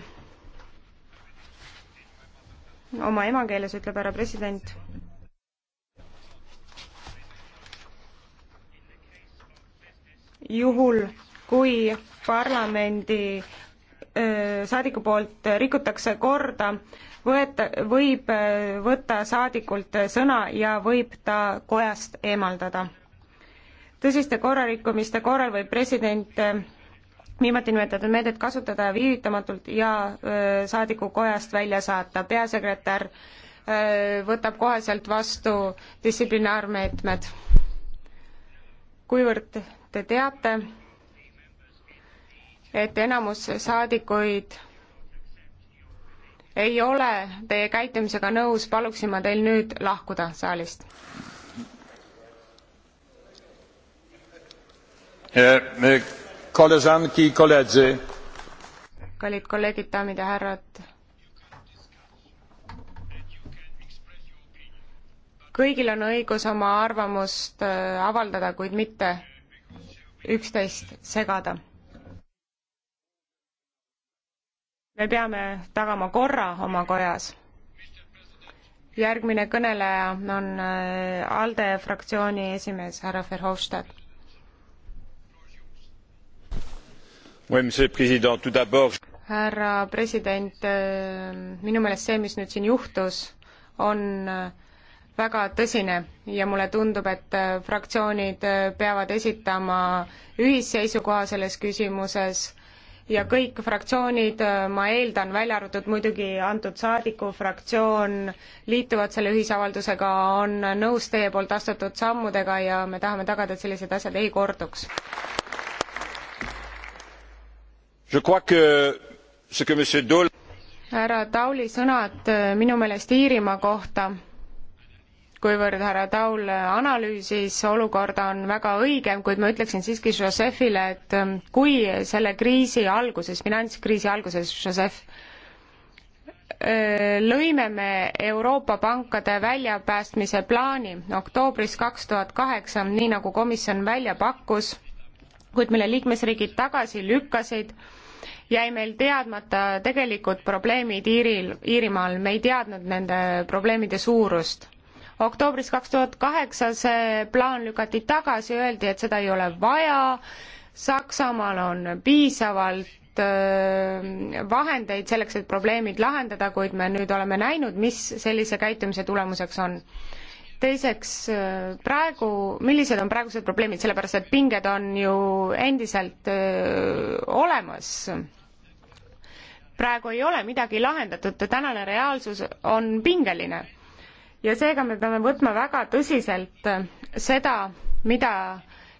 oma emakeeles ütleb härra president juhul, kui parlamendi öö, äh, saadiku poolt rikutakse korda võeta, võib äh, võtta saadikult äh, sõna ja võib ta kojast eemaldada. tõsiste korrarikkumiste korral võib president äh, viimati nimetatud meedet kasutada viivitamatult ja saadiku kojast välja saata. peasekretär võtab koheselt vastu distsiplinaarmeetmed. kuivõrd te teate, et enamus saadikuid ei ole teie käitumisega nõus, paluksin ma teil nüüd lahkuda saalist. E, e, koleżanki i koledzy kallid kolleegid daamid ja härrad kõigil on õigus oma arvamust äh, avaldada kuid mitte üksteist segada me peame tagama korra oma kojas. järgmine kõneleja on äh, ALDE fraktsiooni esimees härra Verhofstadt. härra president, äh, minu meelest see, mis nüüd siin juhtus, on äh, väga tõsine ja mulle tundub, et fraktsioonid peavad esitama ühisseisukoha selles küsimuses ja kõik fraktsioonid, äh, ma eeldan, välja arvatud muidugi antud saadiku fraktsioon, liituvad selle ühisavaldusega, on nõus teie poolt astutud sammudega ja me tahame tagada, et sellised asjad ei korduks. härra Tauli sõnad äh, minu meelest Iirimaa kohta kuivõrd härra Taul analüüsis olukorda, on väga õige, kuid ma ütleksin siiski Josephile, et ähm, kui selle kriisi alguses, finantskriisi alguses, Joseph, äh, lõime me Euroopa pankade väljapäästmise plaani oktoobris kaks tuhat kaheksa, nii nagu komisjon välja pakkus, kuid mille liikmesriigid tagasi lükkasid, jäi meil teadmata tegelikud probleemid Iiril, Iirimaal, me ei teadnud nende probleemide suurust oktoobris kaks tuhat kaheksa see plaan lükati tagasi, öeldi, et seda ei ole vaja, Saksamaal on piisavalt vahendeid selleks, et probleemid lahendada, kuid me nüüd oleme näinud, mis sellise käitumise tulemuseks on teiseks, praegu, millised on praegused probleemid, sellepärast et pinged on ju endiselt öö, olemas. praegu ei ole midagi lahendatud, tänane reaalsus on pingeline ja seega me peame võtma väga tõsiselt äh, seda, mida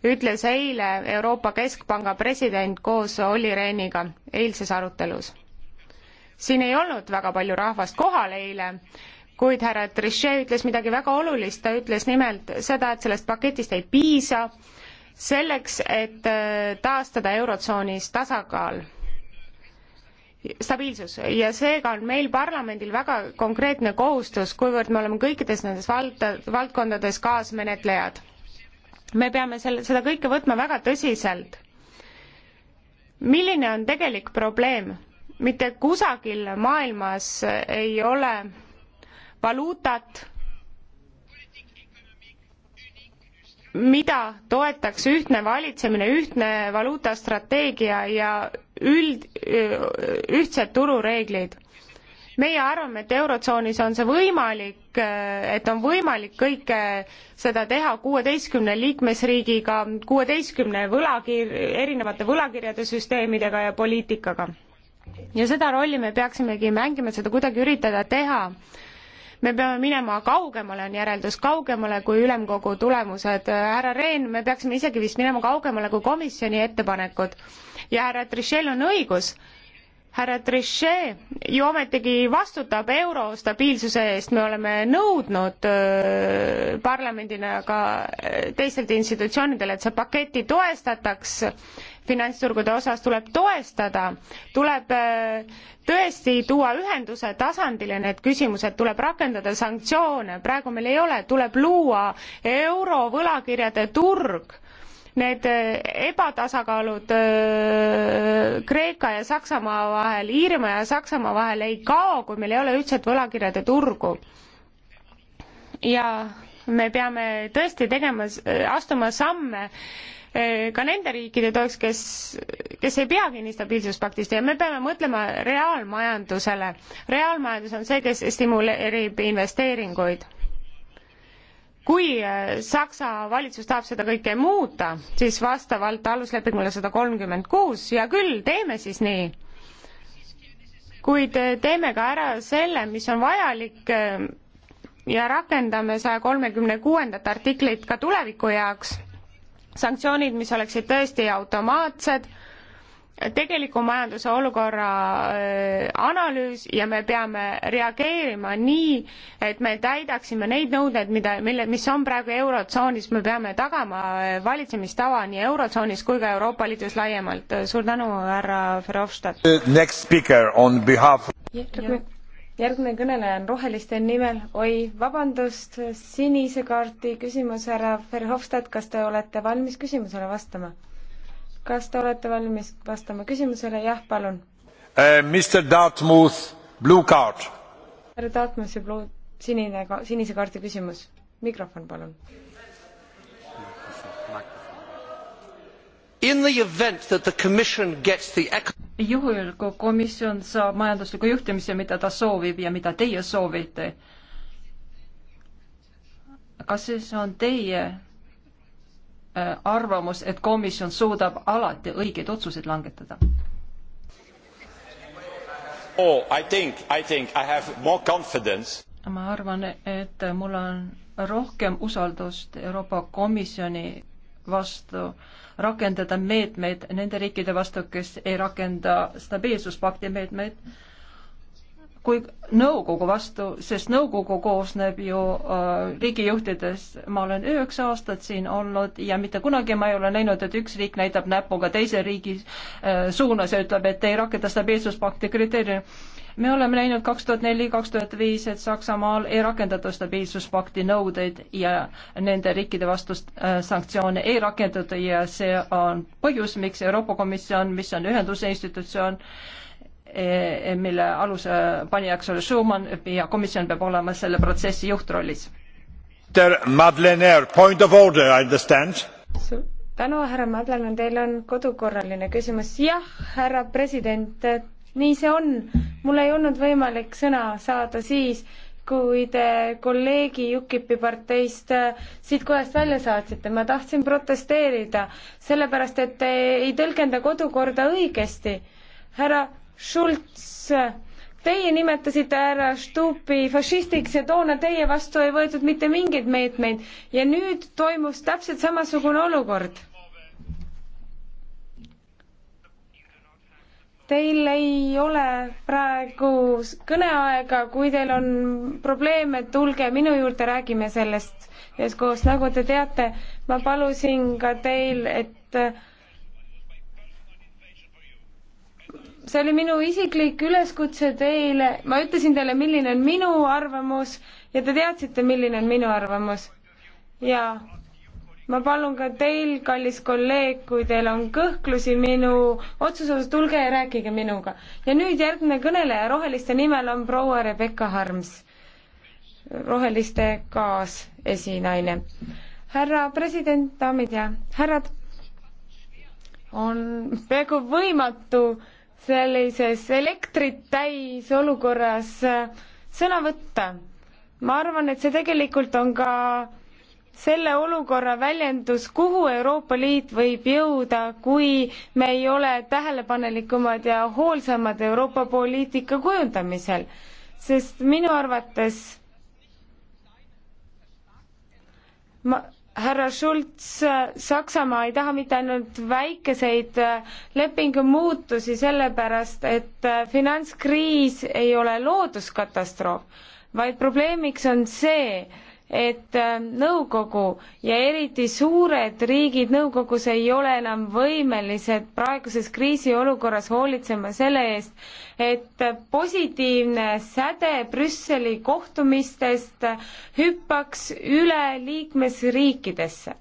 ütles eile Euroopa Keskpanga president koos Olli Rehniga eilses arutelus. siin ei olnud väga palju rahvast kohal eile, kuid härra Trichet ütles midagi väga olulist, ta ütles nimelt seda, et sellest paketist ei piisa selleks, et äh, taastada Eurotsoonis tasakaal stabiilsus ja seega on meil parlamendil väga konkreetne kohustus, kuivõrd me oleme kõikides nendes valda, valdkondades kaasmenetlejad. me peame selle, seda kõike võtma väga tõsiselt. milline on tegelik probleem? mitte kusagil maailmas ei ole valuutat, mida toetaks ühtne valitsemine, ühtne valuutastrateegia ja üld, äh, ühtsed turureeglid. meie arvame, et Eurotsoonis on see võimalik, äh, et on võimalik kõike seda teha kuueteistkümne liikmesriigiga, kuueteistkümne võlakir-, erinevate võlakirjade süsteemidega ja poliitikaga. ja seda rolli me peaksimegi mängima, seda kuidagi üritada teha me peame minema kaugemale, on järeldus, kaugemale kui ülemkogu tulemused. härra Rehn, me peaksime isegi vist minema kaugemale kui komisjoni ettepanekud. ja härra Trichel on õigus, härra Trichet ju ometigi vastutab euro stabiilsuse eest, me oleme nõudnud äh, parlamendina ka äh, teistelt institutsioonidele, et see paketi toestataks äh, finantsturgude osas tuleb toestada, tuleb äh, tõesti tuua ühenduse tasandile need küsimused, tuleb rakendada sanktsioone, praegu meil ei ole, tuleb luua eurovõlakirjade turg need äh, ebatasakaalud äh, Kreeka ja Saksamaa vahel, Iirimaa ja Saksamaa vahel ei kao, kui meil ei ole ühtset võlakirjade turgu. ja me peame tõesti tegema, astuma samme Eh, ka nende riikide toeks, kes, kes ei pea kinni stabiilsuspaktist ja me peame mõtlema reaalmajandusele. reaalmajandus on see, kes stimuleerib investeeringuid. kui eh, Saksa valitsus tahab seda kõike muuta, siis vastavalt aluslepingule sada kolmkümmend kuus, hea küll, teeme siis nii kuid eh, teeme ka ära selle, mis on vajalik ja rakendame saja kolmekümne kuuendat artiklit ka tuleviku jaoks sanktsioonid, mis oleksid tõesti automaatsed, tegeliku majanduse olukorra äh, analüüs ja me peame reageerima nii, et me täidaksime neid nõudeid, mida, mille, mis on praegu Eurotsoonis, me peame tagama äh, valitsemistava nii Eurotsoonis kui ka Euroopa Liidus laiemalt. suur tänu, härra Verhofstadt! Next speaker on behalf järgmine järgmine kõneleja on Roheliste nimel, oi, vabandust, sinise kaardi küsimus, härra Verhofstadt, kas te olete valmis küsimusele vastama? kas te olete valmis vastama küsimusele, jah, palun uh,. Äh, Mr Dartmouth, blue card. härra Dartmouthi blue, sinine, sinise kaardi küsimus, mikrofon palun In the event that the commission gets the juhul, kui komisjon saab majandusliku juhtimise, mida ta soovib ja mida teie soovite, kas siis on teie äh, arvamus, et komisjon suudab alati õigeid otsuseid langetada? Oh, I think, I think I have more confidence. ma arvan, et mul on rohkem usaldust Euroopa Komisjoni vastu rakendada meetmeid nende riikide vastu, kes ei rakenda stabiilsuspakti meetmeid, kui nõukogu vastu, sest nõukogu koosneb ju äh, riigijuhtidest. ma olen üheksa aastat siin olnud ja mitte kunagi ma ei ole näinud, et üks riik näitab näpuga teise riigi äh, suunas ja ütleb, et ei rakenda stabiilsuspakti kriteeriumi me oleme näinud kaks tuhat neli, kaks tuhat viis, et Saksamaal ei rakendatud stabiilsuspakti nõudeid ja nende riikide vastu äh, sanktsioone ei rakendatud ja see on põhjus, miks Euroopa Komisjon, mis on ühenduse institutsioon, e, e, mille aluse panijaks oli Schumann ja komisjon peab olema selle protsessi juhtrollis. tänu, härra Madlener, teil on kodukorraline küsimus. jah, härra president nii see on. mul ei olnud võimalik sõna saada siis, kui te kolleegi UKIP-i parteist äh, siit kojast välja saatsite, ma tahtsin protesteerida, sellepärast et te ei tõlgenda kodukorda õigesti. härra Schultz, teie nimetasite härra Stupi fašistiks ja toona teie vastu ei võetud mitte mingeid meetmeid ja nüüd toimus täpselt samasugune olukord. Teil ei ole praegu kõneaega, kui teil on probleeme, tulge minu juurde, räägime sellest üheskoos. nagu te teate, ma palusin ka teil, et see oli minu isiklik üleskutse teile, ma ütlesin teile, milline on minu arvamus ja te teadsite, milline on minu arvamus. jaa ma palun ka teil, kallis kolleeg, kui teil on kõhklusi minu otsuse osas, tulge ja rääkige minuga. ja nüüd järgmine kõneleja Roheliste nimel on proua Rebecca Harms, Roheliste kaasesinaine. härra president, daamid ja härrad, on peaaegu võimatu sellises elektrit täis olukorras äh, sõna võtta. ma arvan, et see tegelikult on ka selle olukorra väljendus, kuhu Euroopa Liit võib jõuda, kui me ei ole tähelepanelikumad ja hoolsamad Euroopa poliitika kujundamisel. sest minu arvates ma, härra Schulz, Saksamaa ei taha mitte ainult väikeseid äh, lepingu muutusi sellepärast, et äh, finantskriis ei ole looduskatastroof, vaid probleemiks on see, et äh, nõukogu ja eriti suured riigid nõukogus ei ole enam võimelised praeguses kriisiolukorras hoolitsema selle eest, et positiivne säde Brüsseli kohtumistest hüppaks üle liikmesriikidesse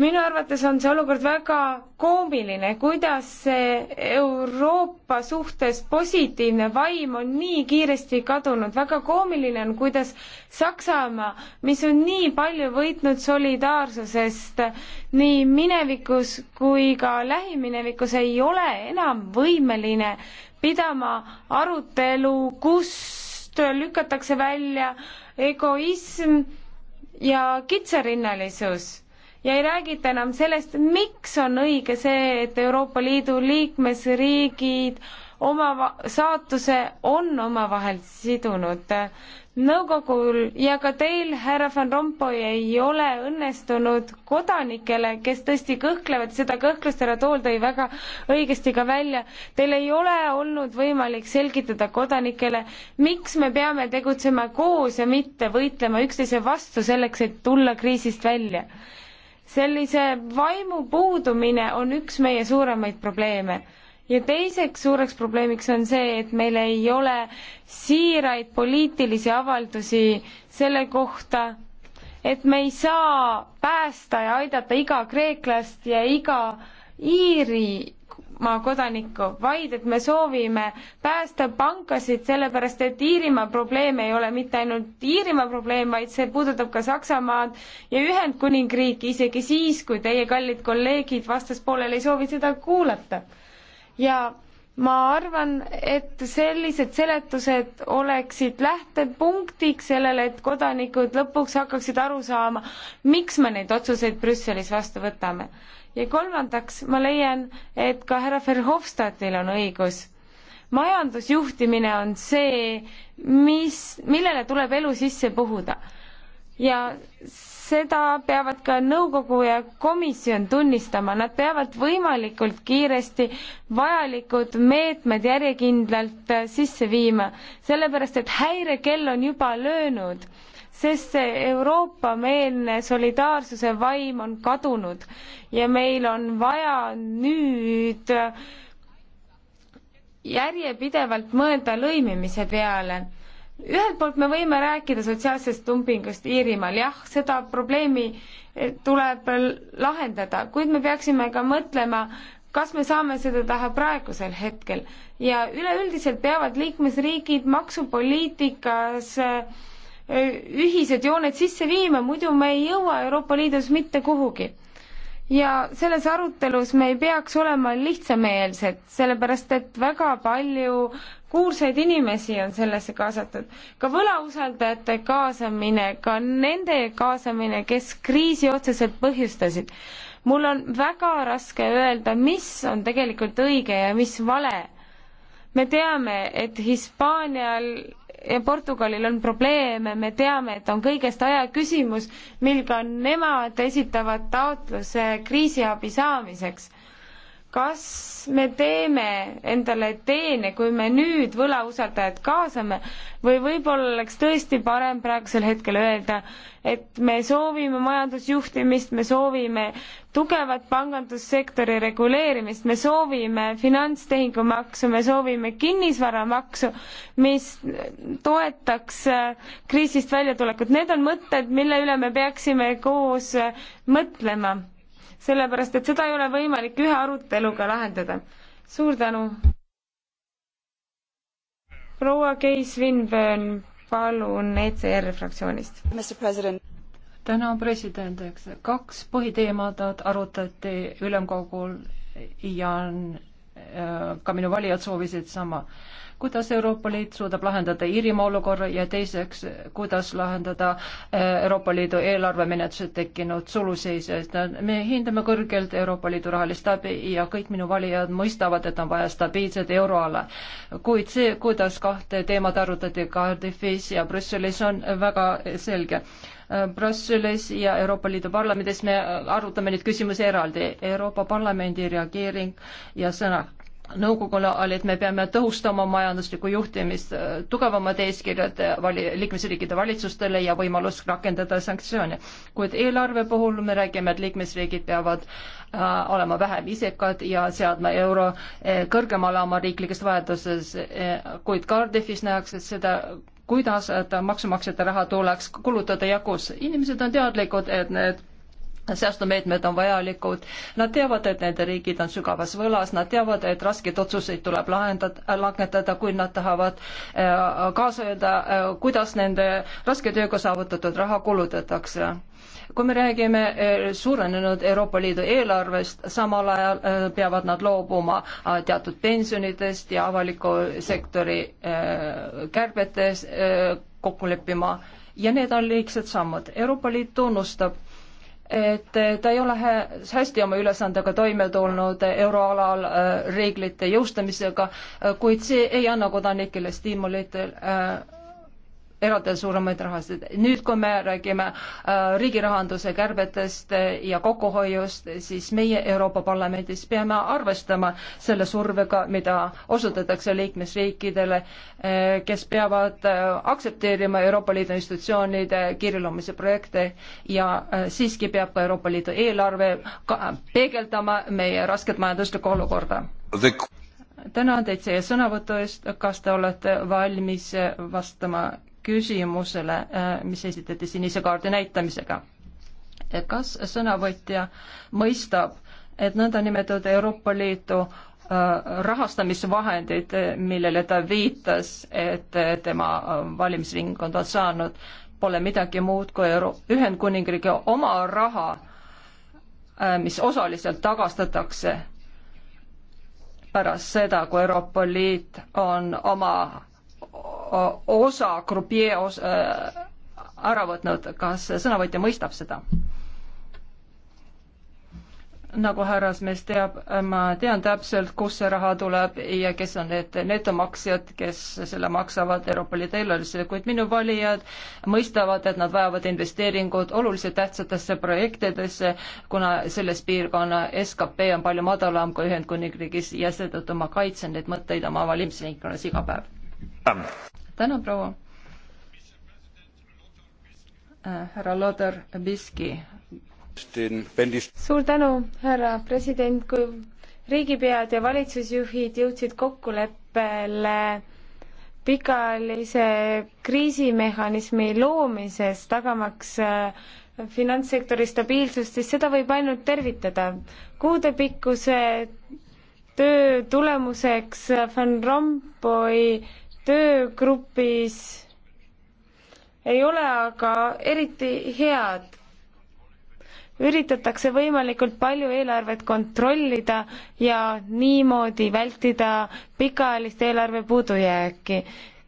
minu arvates on see olukord väga koomiline, kuidas see Euroopa suhtes positiivne vaim on nii kiiresti kadunud, väga koomiline on, kuidas Saksamaa, mis on nii palju võitnud solidaarsusest nii minevikus kui ka lähiminevikus, ei ole enam võimeline pidama arutelu, kust lükatakse välja egoism ja kitsarinnalisus ja ei räägita enam sellest, miks on õige see, et Euroopa Liidu liikmesriigid oma saatuse on omavahel sidunud. nõukogul ja ka teil, härra Van Rompuy, ei ole õnnestunud kodanikele, kes tõesti kõhklevad, seda kõhklust härra Tool tõi väga õigesti ka välja, teil ei ole olnud võimalik selgitada kodanikele, miks me peame tegutsema koos ja mitte võitlema üksteise vastu selleks, et tulla kriisist välja sellise vaimu puudumine on üks meie suuremaid probleeme. ja teiseks suureks probleemiks on see, et meil ei ole siiraid poliitilisi avaldusi selle kohta, et me ei saa päästa ja aidata iga kreeklast ja iga Iiri maa kodanikku, vaid et me soovime päästa pankasid, sellepärast et Iirimaa probleem ei ole mitte ainult Iirimaa probleem, vaid see puudutab ka Saksamaad ja Ühendkuningriiki, isegi siis, kui teie kallid kolleegid vastaspoolel ei soovi seda kuulata. ja ma arvan, et sellised seletused oleksid lähtepunktiks sellele, et kodanikud lõpuks hakkaksid aru saama, miks me neid otsuseid Brüsselis vastu võtame ja kolmandaks ma leian, et ka härra Verhofstadtil on õigus. majandusjuhtimine on see, mis, millele tuleb elu sisse puhuda. ja seda peavad ka nõukogu ja komisjon tunnistama, nad peavad võimalikult kiiresti vajalikud meetmed järjekindlalt sisse viima, sellepärast et häirekell on juba löönud sest see Euroopa-meelne solidaarsuse vaim on kadunud ja meil on vaja nüüd järjepidevalt mõelda lõimimise peale ühelt poolt me võime rääkida sotsiaalsest dumpingust Iirimaal, jah, seda probleemi eh, tuleb lahendada, kuid me peaksime ka mõtlema, kas me saame seda taha praegusel hetkel ja üleüldiselt peavad liikmesriigid maksupoliitikas äh, ühised jooned sisse viima, muidu me ei jõua Euroopa Liidus mitte kuhugi. ja selles arutelus me ei peaks olema lihtsameelsed, sellepärast et väga palju kuulsaid inimesi on sellesse kaasatud. ka võlausaldajate kaasamine, ka nende kaasamine, kes kriisi otseselt põhjustasid. mul on väga raske öelda, mis on tegelikult õige ja mis vale. me teame, et Hispaanial ja Portugalil on probleeme, me teame, et on kõigest aja küsimus, mil ka nemad esitavad taotluse kriisiabi saamiseks kas me teeme endale teene, kui me nüüd võlausaldajad kaasame või võib-olla oleks tõesti parem praegusel hetkel öelda, et me soovime majandusjuhtimist, me soovime tugevat pangandussektori reguleerimist, me soovime finantstehingumaksu, me soovime kinnisvaramaksu, mis toetaks äh, kriisist väljatulekut. Need on mõtted, mille üle me peaksime koos äh, mõtlema sellepärast et seda ei ole võimalik ühe aruteluga lahendada. suur tänu! proua Kei Svinbön, palun ECR fraktsioonist. täna presidendiks. kaks põhiteemadat arutati ülemkogul ja on, äh, ka minu valijad soovisid sama kuidas Euroopa Liit suudab lahendada Iirimaa olukorra ja teiseks, kuidas lahendada äh, Euroopa Liidu eelarvemenetluses tekkinud suluseise, sest me hindame kõrgelt Euroopa Liidu rahalist abi ja kõik minu valijad mõistavad, et on vaja stabiilset euroala. kuid see, kuidas kahte teemat arutati Cardiffis ja Brüsselis, on väga selge äh, Brüsselis ja Euroopa Liidu parlamendis me arutame neid küsimusi eraldi. Euroopa Parlamendi reageering ja sõna nõukogule oli, et me peame tõhustama majanduslikku juhtimist, tugevamad eeskirjad vali-, liikmesriikide valitsustele ja võimalus rakendada sanktsioone. kuid eelarve puhul me räägime, et liikmesriigid peavad äh, olema vähem isekad ja seadma euro äh, kõrgemale oma riiklikest vajaduses äh,, kuid Cardiffis nähakse seda kuidas maksumaksjate raha tuleks kulutada jagus. inimesed on teadlikud, et need säästumeetmed on vajalikud, nad teavad, et nende riigid on sügavas võlas, nad teavad, et raskeid otsuseid tuleb lahendada, langetada, kui nad tahavad äh, kaasa öelda, äh, kuidas nende raske tööga saavutatud raha kulutatakse. kui me räägime äh, suurenenud Euroopa Liidu eelarvest, samal ajal peavad nad loobuma teatud pensionidest ja avaliku sektori kärbetes kokku leppima ja need on liigsed sammud. Euroopa Liit tunnustab et ta ei ole hästi oma ülesandega toime tulnud euroalal äh, reeglite jõustamisega, äh, kuid see ei anna kodanikele stiimulit äh, eraldada suuremaid rahasid. nüüd, kui me räägime äh, riigi rahanduse kärbetest äh, ja kokkuhoiust, siis meie Euroopa Parlamendis peame arvestama selle survega, mida osutatakse liikmesriikidele äh,, kes peavad äh, aktsepteerima Euroopa Liidu institutsioonide kiireloomise projekte ja äh, siiski peab ka Euroopa Liidu eelarve ka, äh, peegeldama meie rasket majanduslikku olukorda The tänan teid selle sõnavõtu eest, kas te olete valmis äh, vastama küsimusele, äh, mis esitati sinise kaardi näitamisega. kas sõnavõtja mõistab, et nõndanimetatud Euroopa Liidu äh, rahastamisvahendid, millele ta viitas, et tema äh, valimisringkond on saanud, pole midagi muud kui Euro-, Ühendkuningriigi oma raha, mis osaliselt tagastatakse pärast seda, kui Euroopa Liit on oma osa grupie os, äh, ära võtnud, kas sõnavõtja mõistab seda? nagu härrasmees teab, ma tean täpselt, kust see raha tuleb ja kes on need netomaksjad, kes selle maksavad Euroopa Liidu eelarvesse, kuid minu valijad mõistavad, et nad vajavad investeeringuid oluliselt tähtsatesse projektidesse, kuna selles piirkonna skp on palju madalam kui Ühendkuningriigis ja seetõttu ma kaitsen neid mõtteid oma valimisringkonnas iga päev tänan, proua. Äh, härra Loder Biski. suur tänu, härra president, kui riigipead ja valitsusjuhid jõudsid kokkuleppele pikaajalise kriisimehhanismi loomises, tagamaks äh, finantssektori stabiilsust, siis seda võib ainult tervitada. kuudepikkuse töö tulemuseks Van Rompuy töögrupis ei ole aga eriti head. üritatakse võimalikult palju eelarvet kontrollida ja niimoodi vältida pikaajalist eelarve puudujääki.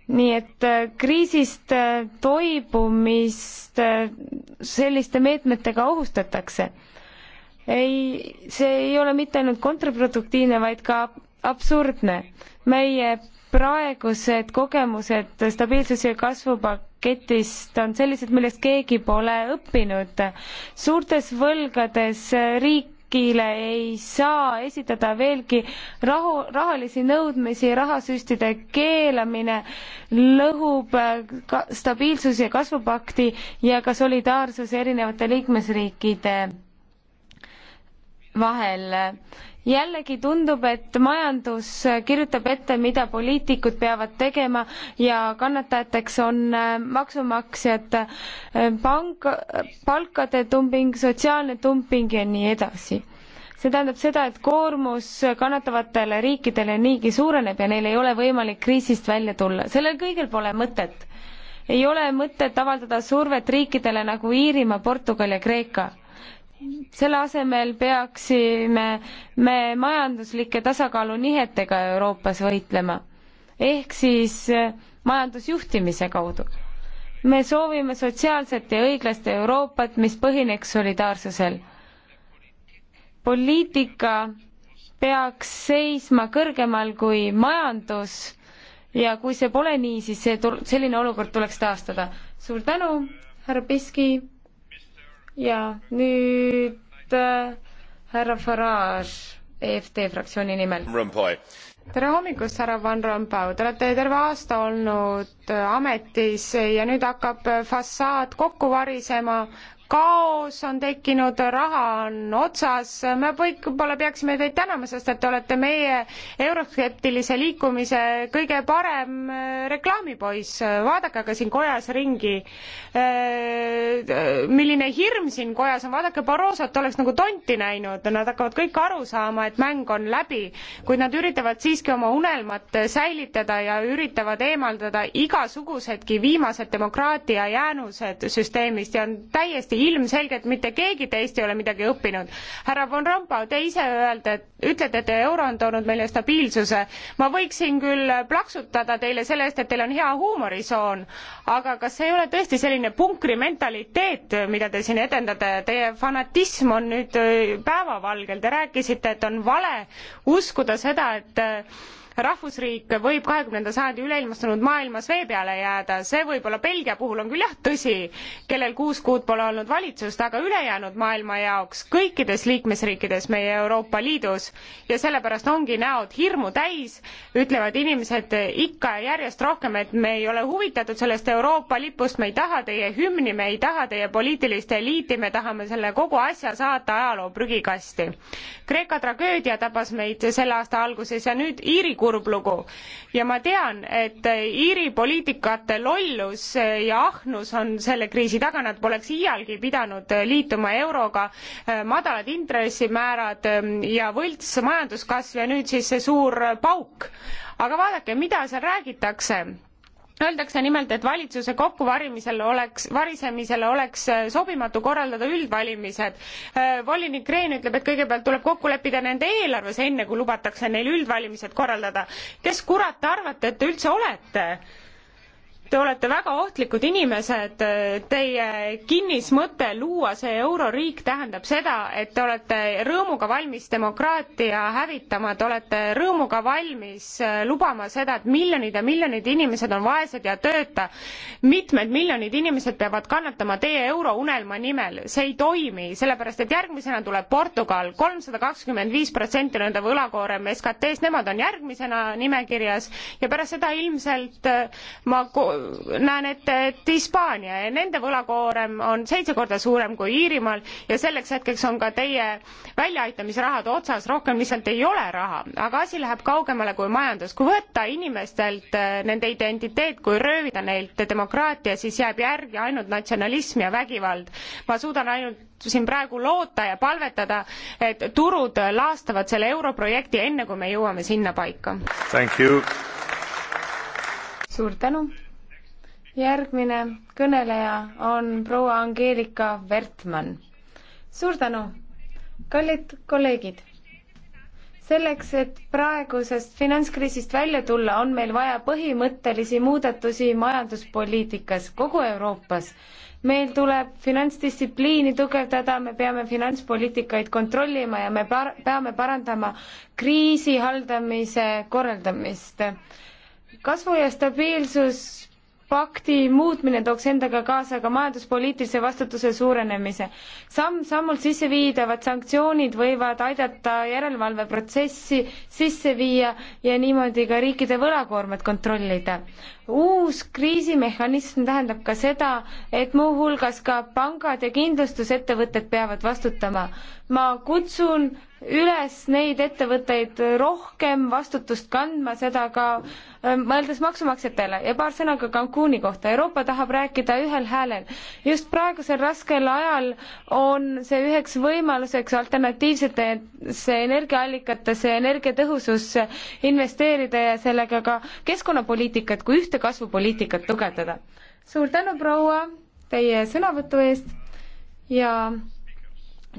nii et äh, kriisist äh, toibumist äh, selliste meetmetega ohustatakse. ei, see ei ole mitte ainult kontraproduktiivne, vaid ka absurdne. meie praegused kogemused stabiilsuse ja kasvupaketist on sellised, millest keegi pole õppinud. suurtes võlgades riikile ei saa esitada veelgi rahu, rahalisi nõudmisi, rahasüstide keelamine lõhub äh, ka stabiilsuse ja kasvupakti ja ka solidaarsuse erinevate liikmesriikide vahel. jällegi tundub, et majandus kirjutab ette, mida poliitikud peavad tegema ja kannatajateks on äh, maksumaksjad, äh, pank, palkade dumping, sotsiaalne dumping ja nii edasi see tähendab seda, et koormus kannatavatele riikidele niigi suureneb ja neil ei ole võimalik kriisist välja tulla. sellel kõigel pole mõtet. ei ole mõtet avaldada survet riikidele nagu Iirimaa, Portugal ja Kreeka selle asemel peaksime me majanduslike tasakaalunihetega Euroopas võitlema ehk siis eh, majandusjuhtimise kaudu. me soovime sotsiaalset ja õiglast Euroopat, mis põhineks solidaarsusel. poliitika peaks seisma kõrgemal kui majandus ja kui see pole nii, siis see, selline olukord tuleks taastada. suur tänu, härra Piski ja nüüd äh, härra Farage EFT fraktsiooni nimel. tere hommikust, härra Van Rompuy, te olete terve aasta olnud äh, ametis ja nüüd hakkab äh, fassaad kokku varisema, kaos on tekkinud, raha on otsas, me võib-olla peaksime teid tänama, sest et te olete meie euroskeptilise liikumise kõige parem äh, reklaamipoiss. vaadake aga siin kojas ringi, äh, milline hirm siin kojas on, vaadake Barrosot oleks nagu tonti näinud, nad hakkavad kõik aru saama, et mäng on läbi, kuid nad üritavad siiski oma unelmat säilitada ja üritavad eemaldada igasugusedki viimased demokraatia jäänused süsteemist ja on täiesti täiesti ilmselgelt mitte keegi teist ei ole midagi õppinud. härra Von Rompau, te ise öelda, ütlete, et euro on toonud meile stabiilsuse. ma võiksin küll plaksutada teile selle eest, et teil on hea huumorisoon, aga kas ei ole tõesti selline punkrimentaliteet, mida te siin edendate, teie fanatism on nüüd päevavalgel, te rääkisite, et on vale uskuda seda, et rahvusriik võib kahekümnenda sajandi üleilmastunud maailmas vee peale jääda, see võib-olla Belgia puhul on küll jah tõsi, kellel kuus kuud pole olnud valitsust, aga ülejäänud maailma jaoks kõikides liikmesriikides meie Euroopa Liidus ja sellepärast ongi näod hirmu täis, ütlevad inimesed ikka ja järjest rohkem, et me ei ole huvitatud sellest Euroopa lipust, me ei taha teie hümni, me ei taha teie poliitilist eliiti, me tahame selle kogu asja saata ajaloo prügikasti. Kreeka tragöödia tabas meid selle aasta alguses ja nüüd Iiri kurb lugu. ja ma tean, et Iiri poliitikate lollus ja ahnus on selle kriisi taga, nad poleks iialgi pidanud liituma euroga, äh, madalad intressimäärad ähm, ja võlts majanduskasv ja nüüd siis see suur pauk. aga vaadake, mida seal räägitakse Öeldakse nimelt, et valitsuse kokkuvarimisel oleks, varisemisel oleks äh, sobimatu korraldada üldvalimised. Äh, volinik Rehn ütleb, et kõigepealt tuleb kokku leppida nende eelarves, enne kui lubatakse neil üldvalimised korraldada. kes kurat te arvate, et te üldse olete? Te olete väga ohtlikud inimesed, teie kinnismõte luua see euroriik tähendab seda, et te olete rõõmuga valmis demokraatia hävitama, te olete rõõmuga valmis lubama seda, et miljonid ja miljonid inimesed on vaesed ja tööta. mitmed miljonid inimesed peavad kannatama teie eurounelma nimel, see ei toimi, sellepärast et järgmisena tuleb Portugal, kolmsada kakskümmend viis protsenti nende võlakoorem SKT-s, nemad on järgmisena nimekirjas ja pärast seda ilmselt ma näen ette, et Hispaania ja nende võlakoorem on seitse korda suurem kui Iirimaal ja selleks hetkeks on ka teie väljaaitamisrahad otsas, rohkem lihtsalt ei ole raha. aga asi läheb kaugemale kui majandus. kui võtta inimestelt äh, nende identiteet, kui röövida neilt demokraatia, siis jääb järgi ainult natsionalism ja vägivald. ma suudan ainult siin praegu loota ja palvetada, et turud laastavad selle europrojekti enne, kui me jõuame sinnapaika. suur tänu järgmine kõneleja on proua Angeelika Vertmann. suur tänu! kallid kolleegid, selleks, et praegusest finantskriisist välja tulla, on meil vaja põhimõttelisi muudatusi majanduspoliitikas kogu Euroopas meil tuleb finantsdistsipliini tugevdada, me peame finantspoliitikaid kontrollima ja me par-, peame parandama kriisi haldamise korraldamist. kasvu ja stabiilsus pakti muutmine tooks endaga kaasa ka majanduspoliitilise vastutuse suurenemise Sam,. samm-sammult sisse viidavad sanktsioonid võivad aidata järelevalveprotsessi sisse viia ja niimoodi ka riikide võlakoormat kontrollida. uus kriisimehhanism tähendab ka seda, et muuhulgas ka pangad ja kindlustusettevõtted peavad vastutama. ma kutsun üles neid ettevõtteid rohkem vastutust kandma, seda ka ähm, mõeldes maksumaksjatele ja paar sõna ka Cancuni kohta. Euroopa tahab rääkida ühel häälel. just praegusel raskel ajal on see üheks võimaluseks alternatiivsetesse energiaallikatesse ja energiatõhususse investeerida ja sellega ka keskkonnapoliitikat kui ühte kasvupoliitikat tugevdada. suur tänu, proua, teie sõnavõtu eest ja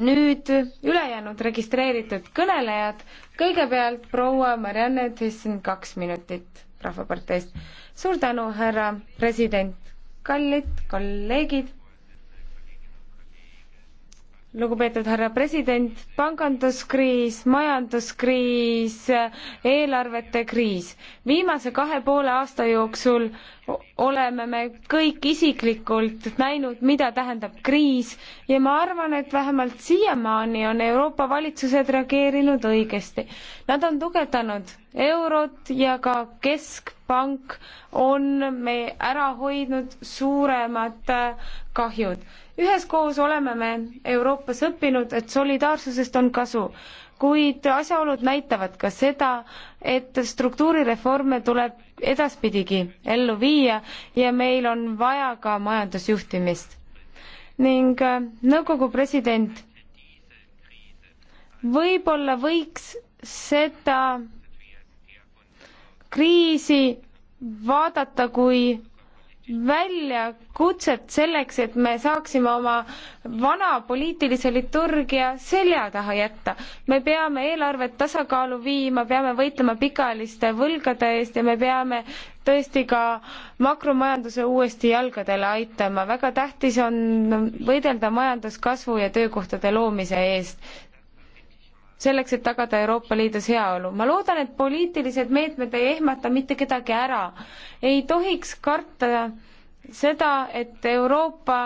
nüüd ülejäänud registreeritud kõnelejad, kõigepealt proua Marianne Thyssen, kaks minutit Rahvaparteist. suur tänu, härra president, kallid kolleegid lugupeetud härra president, panganduskriis, majanduskriis, eelarvete kriis. viimase kahe poole aasta jooksul oleme me kõik isiklikult näinud, mida tähendab kriis ja ma arvan, et vähemalt siiamaani on Euroopa valitsused reageerinud õigesti. Nad on tugevdanud eurot ja ka keskpank on me ära hoidnud suuremad äh, kahjud. üheskoos oleme me Euroopas õppinud, et solidaarsusest on kasu kuid asjaolud näitavad ka seda, et struktuurireforme tuleb edaspidigi ellu viia ja meil on vaja ka majandusjuhtimist. ning äh, nõukogu president võib-olla võiks seda kriisi vaadata kui väljakutset selleks, et me saaksime oma vana poliitilise liturgia selja taha jätta. me peame eelarvet tasakaalu viima, peame võitlema pikaajaliste võlgade eest ja me peame tõesti ka makromajanduse uuesti jalgadele aitama. väga tähtis on võidelda majanduskasvu ja töökohtade loomise eest selleks, et tagada Euroopa Liidus heaolu. ma loodan, et poliitilised meetmed ei ehmata mitte kedagi ära. ei tohiks karta seda, et Euroopa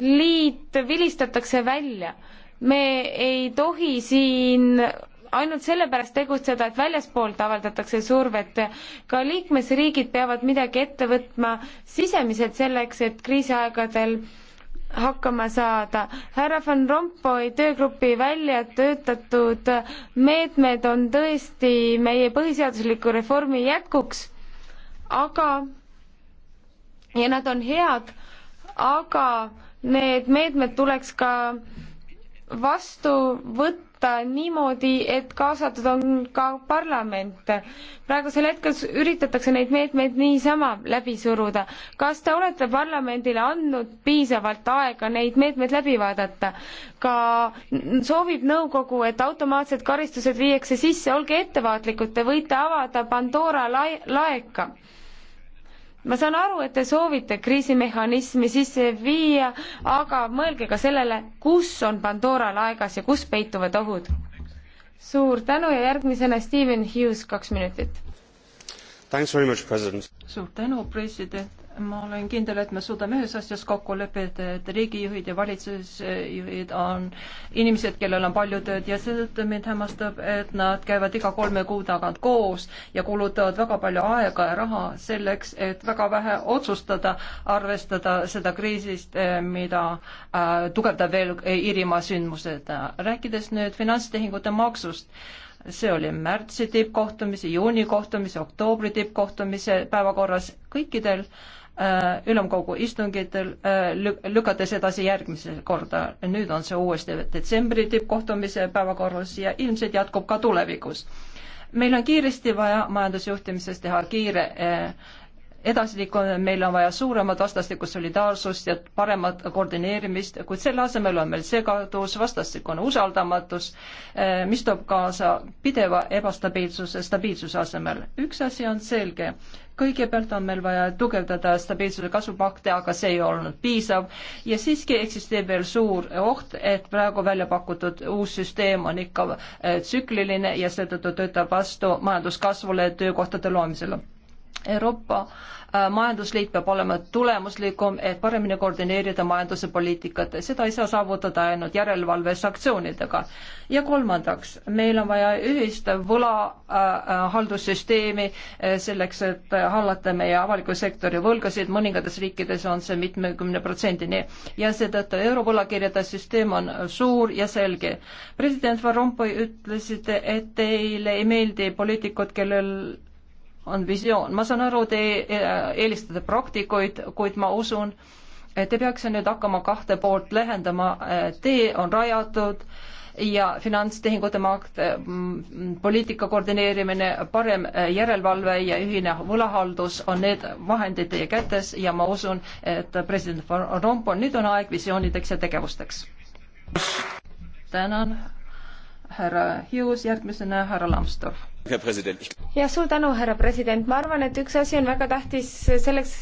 Liit vilistatakse välja. me ei tohi siin ainult sellepärast tegutseda, et väljaspoolt avaldatakse survet. ka liikmesriigid peavad midagi ette võtma sisemiselt selleks, et kriisiaegadel äh, hakkama saada. härra Van Rompuy töögrupi välja töötatud meetmed on tõesti meie põhiseadusliku reformi jätkuks, aga, ja nad on head, aga need meetmed tuleks ka vastu võtta võtta niimoodi, et kaasatud on ka parlament. praegusel hetkel üritatakse neid meetmeid niisama läbi suruda. kas te olete parlamendile andnud piisavalt aega neid meetmeid läbi vaadata? ka soovib nõukogu, et automaatsed karistused viiakse sisse, olge ettevaatlikud, te võite avada Pandora lae-, laeka ma saan aru, et te soovite kriisimehhanismi sisse viia, aga mõelge ka sellele, kus on Pandora laegas ja kus peituvad ohud. suur tänu ja järgmisena Steven Hughes, kaks minutit. suur tänu, president ma olen kindel, et me suudame ühes asjas kokku leppida, et riigijuhid ja valitsusjuhid on inimesed, kellel on palju tööd ja seetõttu mind hämmastab, et nad käivad iga kolme kuu tagant koos ja kulutavad väga palju aega ja raha selleks, et väga vähe otsustada, arvestada seda kriisist, eh, mida äh, tugevdab veel eh, Iirimaa sündmused. rääkides nüüd finantstehingute maksust, see oli märtsi tippkohtumise, juuni kohtumise, oktoobri tippkohtumise päevakorras kõikidel äh, Äh, ülemkogu istungitel äh, lükates edasi järgmisel korda. nüüd on see uuesti detsembri tippkohtumise päevakorras ja ilmselt jätkub ka tulevikus. meil on kiiresti vaja majandusjuhtimises teha kiire äh, edasiliikumine, meil on vaja suuremat vastastikust solidaarsust ja paremat koordineerimist, kuid selle asemel on meil segadus, vastastikune usaldamatus, mis toob kaasa pideva ebastabiilsuse stabiilsuse asemel. üks asi on selge, kõigepealt on meil vaja tugevdada stabiilsuse kasvupakte, aga see ei olnud piisav ja siiski eksisteerib veel suur oht, et praegu välja pakutud uus süsteem on ikka äh, tsükliline ja seetõttu töötab vastu majanduskasvule ja töökohtade loomisele. Euroopa äh, Äh, majandusliit peab olema tulemuslikum, et paremini koordineerida majanduse poliitikat, seda ei saa saavutada ainult järelevalve sanktsioonidega. ja kolmandaks, meil on vaja ühist võlahaldussüsteemi äh, äh, äh, selleks, et hallata meie avaliku sektori võlgasid, mõningates riikides on see mitmekümne protsendini ja seetõttu eurovõlakirjade süsteem on suur ja selge. president Van Rompuy ütlesite, et teile ei meeldi poliitikud, kellel on visioon. ma saan aru, te eh, eelistate praktikuid, kuid ma usun, et te peaksite nüüd hakkama kahte poolt lähendama. Eh, tee on rajatud ja finantstehingute maakt, eh, poliitika koordineerimine, parem järelevalve ja ühine võlahaldus on need vahendid teie kätes ja ma usun, et president Van Rompuy, nüüd on aeg visioonideks ja tegevusteks. tänan härra Hughes, järgmisena härra Lambsdorff. jah, suur tänu, härra president, ma arvan, et üks asi on väga tähtis selleks,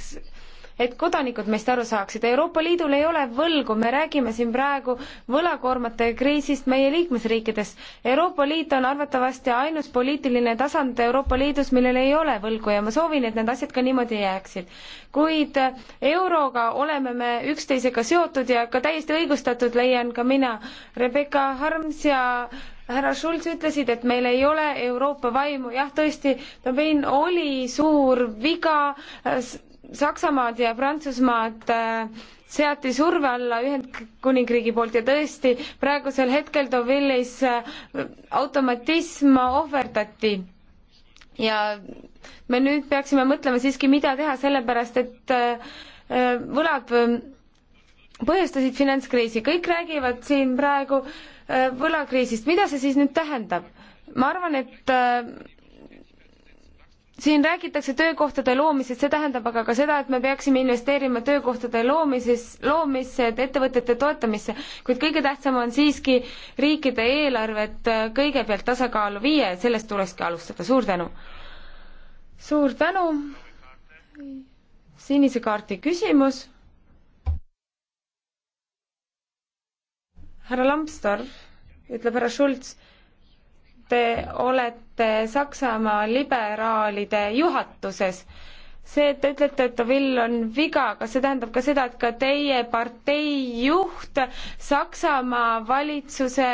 et kodanikud meist aru saaksid, Euroopa Liidul ei ole võlgu, me räägime siin praegu võlakoormate kriisist meie liikmesriikides. Euroopa Liit on arvatavasti ainus poliitiline tasand Euroopa Liidus, millel ei ole võlgu ja ma soovin, et need asjad ka niimoodi jääksid. kuid euroga oleme me üksteisega seotud ja ka täiesti õigustatud leian ka mina. Rebecca Harms ja härra Schulz ütlesid, et meil ei ole Euroopa vaimu, jah, tõesti, Tobin oli suur viga, Saksamaad ja Prantsusmaad äh, seati surve alla Ühendkuningriigi poolt ja tõesti, praegusel hetkel Deauvillis äh, automatism ohverdati ja me nüüd peaksime mõtlema siiski, mida teha, sellepärast et äh, võlad põhjustasid finantskriisi, kõik räägivad siin praegu äh, Äh, võlakriisist. mida see siis nüüd tähendab? ma arvan, et äh, siin räägitakse töökohtade loomisest, see tähendab aga ka seda, et me peaksime investeerima töökohtade loomises, loomisse, ettevõtete toetamisse, kuid kõige tähtsam on siiski riikide eelarved äh, kõigepealt tasakaalu viia ja sellest tulekski alustada, suur tänu! suur tänu! sinise kaardi küsimus härra Lambsdorff, ütleb härra Schulz, te olete Saksamaa liberaalide juhatuses. see, et te ütlete, et Tavil on viga, kas see tähendab ka seda, et ka teie partei juht, Saksamaa valitsuse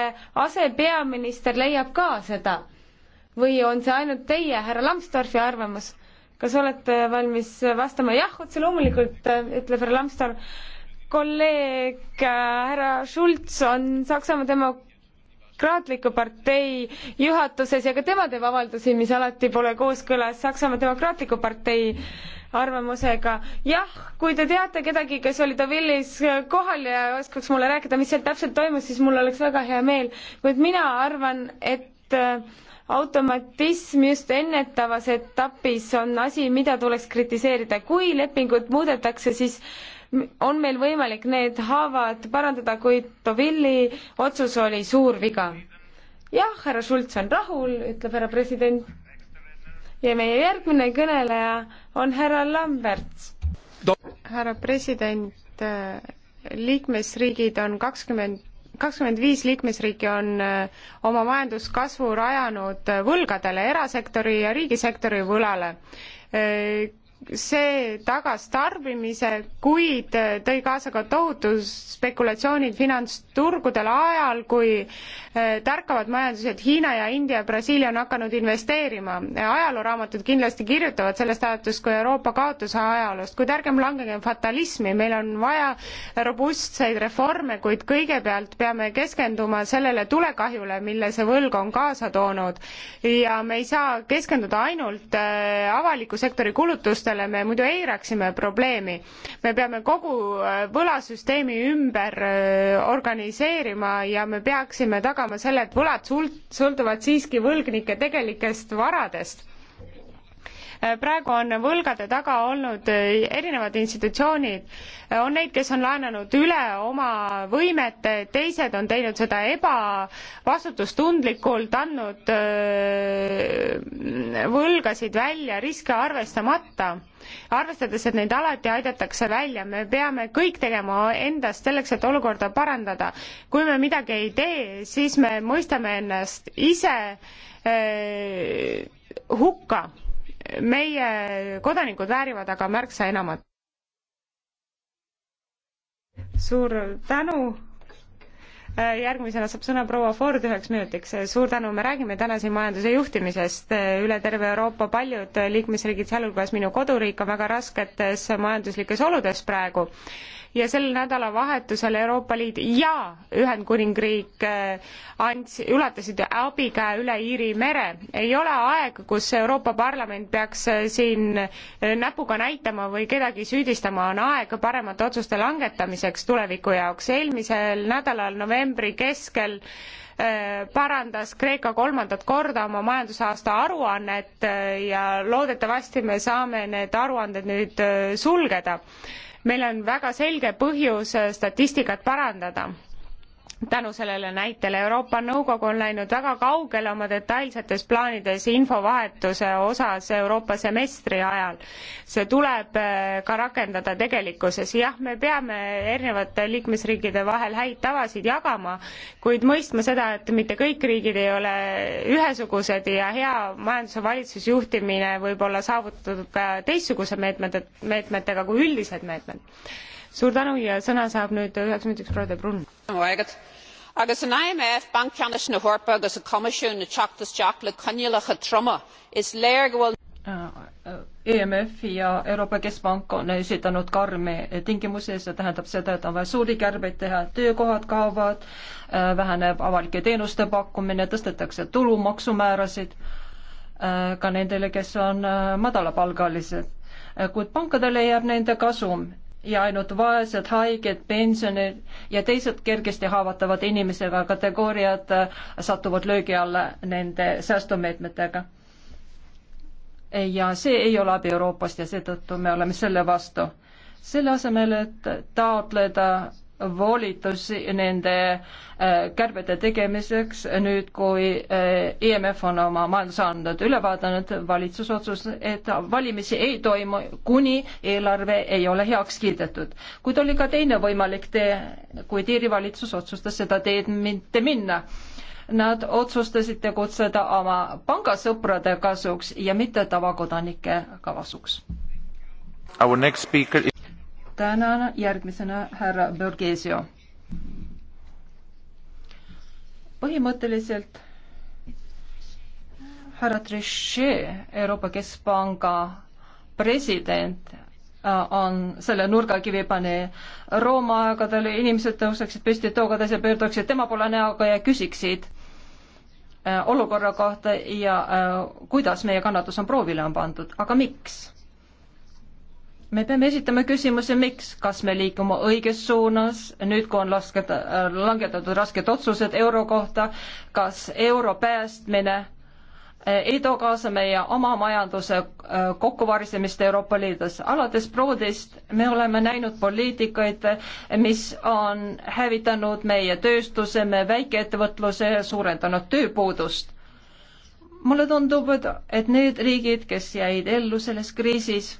asepeaminister leiab ka seda? või on see ainult teie, härra Lambsdorfi arvamus? kas olete valmis vastama jah, otse loomulikult, ütleb härra Lambsdorf kolleeg äh, härra Schulz on Saksamaa demokraatliku partei juhatuses ja ka tema teeb avaldusi, mis alati pole kooskõlas Saksamaa demokraatliku partei arvamusega. jah, kui te teate kedagi, kes oli Davillis äh, kohal ja oskaks mulle rääkida, mis seal täpselt toimus, siis mul oleks väga hea meel, kuid mina arvan, et äh, automatism just ennetavas etapis on asi, mida tuleks kritiseerida. kui lepingut muudetakse, siis äh, on meil võimalik need haavad parandada, kuid Tovilli otsus oli suur viga. jah, härra Schultz on rahul, ütleb härra president. ja meie järgmine kõneleja on härra Lamberts. härra president, liikmesriigid on kakskümmend 20 kakskümmend viis liikmesriiki on äh, oma majanduskasvu rajanud äh, võlgadele, erasektori ja riigisektori võlale äh, see tagas tarbimise, kuid tõi kaasa ka tohutu spekulatsioonid finantsturgudel ajal, kui eh, tärkavad majandused Hiina ja India ja Brasiilia on hakanud investeerima. ajalooraamatud kindlasti kirjutavad sellest ajatust kui Euroopa kaotuse ajaloost, kuid ärgem langegem fatalismi, meil on vaja robustseid reforme, kuid kõigepealt peame keskenduma sellele tulekahjule, mille see võlg on kaasa toonud. ja me ei saa keskenduda ainult eh, avaliku sektori kulutustele, tegevusele, me muidu eiraksime probleemi. me peame kogu äh, võlasüsteemi ümber äh, organiseerima ja me peaksime tagama selle, et võlad sult-, sõltuvad siiski võlgnike tegelikest varadest praegu on võlgade taga olnud eh, erinevad institutsioonid, on neid, kes on laenanud üle oma võimete, teised on teinud seda ebavastutustundlikult, andnud eh, võlgasid välja riske arvestamata arvestades, et neid alati aidatakse välja, me peame kõik tegema endast selleks, et olukorda parandada. kui me midagi ei tee, siis me mõistame ennast ise eh, hukka meie kodanikud väärivad aga märksa enamat. suur tänu. Äh, järgmisena saab sõna proua Ford üheks minutiks. Äh, suur tänu, me räägime täna siin majanduse juhtimisest äh, üle terve Euroopa, paljud liikmesriigid, sealhulgas minu koduriik, on väga rasketes majanduslikes oludes praegu ja sel nädalavahetusel Euroopa Liit ja Ühendkuningriik eh, ands-, ulatasid abikäe üle Iiri mere. ei ole aeg, kus Euroopa Parlament peaks eh, siin eh, näpuga näitama või kedagi süüdistama, on aeg paremate otsuste langetamiseks tuleviku jaoks. eelmisel nädalal novembri keskel parandas Kreeka kolmandat korda oma majandusaasta aruannet ja loodetavasti me saame need aruanded nüüd sulgeda meil on väga selge põhjus äh, statistikat parandada tänu sellele näitele. Euroopa Nõukogu on läinud väga kaugele oma detailsetes plaanides infovahetuse osas Euroopa semestri ajal. see tuleb äh, ka rakendada tegelikkuses. jah, me peame erinevate liikmesriikide vahel häid tavasid jagama, kuid mõistma seda, et mitte kõik riigid ei ole ühesugused ja hea majanduse valitsusjuhtimine võib olla saavutatud ka teistsuguse meetmete, meetmetega kui üldised meetmed suur tänu ja sõna saab nüüd üheks minutiks proua de Brun. agus an imf bankceanne na hhorpa agus a comisiún na teachtas teach le conialacha truma is léir gohfuil EMF eh, eh, ja Euroopa Keskpank on esitanud karme tingimusi, see tähendab seda, et on vaja suuri kärbeid teha, töökohad kaovad, eh, väheneb avalike teenuste pakkumine, tõstetakse tulumaksumäärasid ka nendele, kes on madalapalgalised. kuid pankadele jääb nende kasum ja ainult vaesed, haiged, pensionärid ja teised kergesti haavatavad inimesega kategooriad äh, satuvad löögi alla nende säästumeetmetega. ja see ei ole abi Euroopast ja seetõttu me oleme selle vastu. selle asemel, et taotleda volitusi nende äh, kärbete tegemiseks, nüüd kui äh, IMF on oma majandusandmed üle vaadanud, valitsus otsustas, et valimisi ei toimu, kuni eelarve ei ole heaks kiidetud. kuid oli ka teine võimalik tee, kuid Iiri valitsus otsustas seda teed mitte minna. Nad otsustasid tegutseda oma pangasõprade kasuks ja mitte tavakodanike kasuks. Our next speaker tänan, järgmisena härra Borghesio. põhimõtteliselt härra Trichet, Euroopa Keskpanga president, äh, on selle nurgakivi pani Rooma aegadel, inimesed tõuseksid püsti toogades ja pöörduksid tema poole näoga ja küsiksid äh, olukorra kohta ja äh, kuidas meie kannatus on proovile on pandud, aga miks me peame esitama küsimuse, miks, kas me liigume õiges suunas, nüüd kui on lasked, äh, langetatud rasked otsused euro kohta, kas euro päästmine äh, ei too kaasa meie oma majanduse äh, kokkuvarisemist Euroopa Liidus. alates Broadist me oleme näinud poliitikaid, mis on hävitanud meie tööstuse, meie väikeettevõtluse ja suurendanud tööpuudust. mulle tundub, et need riigid, kes jäid ellu selles kriisis,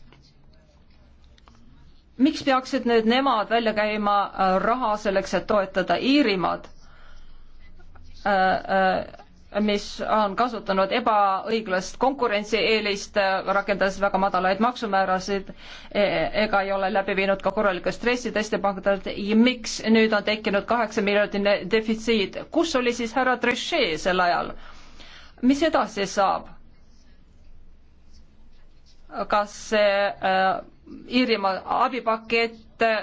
miks peaksid nüüd nemad välja käima äh, raha selleks, et toetada Iirimaad, äh, äh, mis on kasutanud ebaõiglast konkurentsieelist, rakendades väga madalaid maksumäärasid e, e, ega ei ole läbi viinud ka korralikke stressiteste pankadelt ja miks nüüd on tekkinud kaheksa miljardine defitsiit, kus oli siis härra Trichet sel ajal? mis edasi saab? kas see äh, Iirimaa abipakett äh,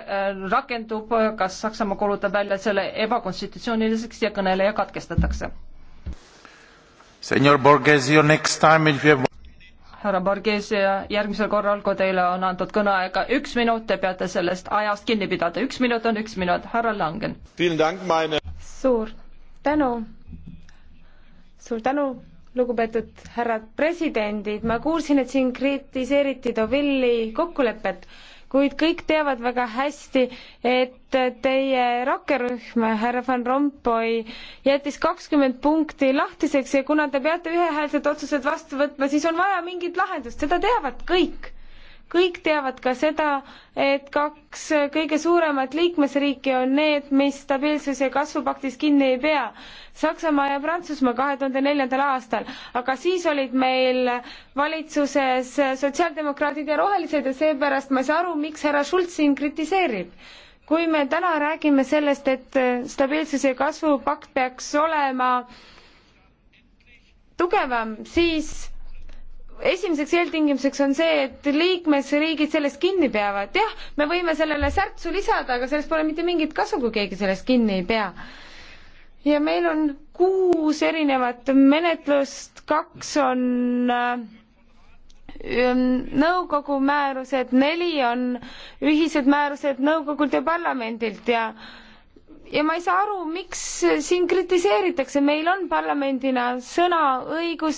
rakendub, kas Saksamaa kuulutab välja selle ebakonstitutsiooniliseks ja kõneleja katkestatakse? härra Borghese, järgmisel korral, kui teile on antud kõneaega üks minut, te peate sellest ajast kinni pidada, üks minut on üks minut, härra Langen. suur tänu, suur tänu lugupeetud härrad presidendid, ma kuulsin, et siin kritiseeriti Deauville'i kokkulepet, kuid kõik teavad väga hästi, et teie rakkerühm, härra Van Rompuy, jättis kakskümmend punkti lahtiseks ja kuna te peate ühehäälsed otsused vastu võtma, siis on vaja mingit lahendust, seda teavad kõik kõik teavad ka seda, et kaks kõige suuremat liikmesriiki on need, mis stabiilsus- ja kasvupaktis kinni ei pea. Saksamaa ja Prantsusmaa kahe tuhande neljandal aastal, aga siis olid meil valitsuses sotsiaaldemokraadid ja rohelised ja seepärast ma ei saa aru, miks härra Schulz siin kritiseerib. kui me täna räägime sellest, et stabiilsus- ja kasvupakt peaks olema tugevam, siis esimeseks eeltingimuseks on see, et liikmesriigid sellest kinni peavad. jah, me võime sellele särtsu lisada, aga sellest pole mitte mingit kasu, kui keegi sellest kinni ei pea. ja meil on kuus erinevat menetlust, kaks on äh, ähm, nõukogu määrused, neli on ühised määrused nõukogult ja parlamendilt ja äh, ja ma ei saa aru, miks siin kritiseeritakse, meil on parlamendina sõnaõigus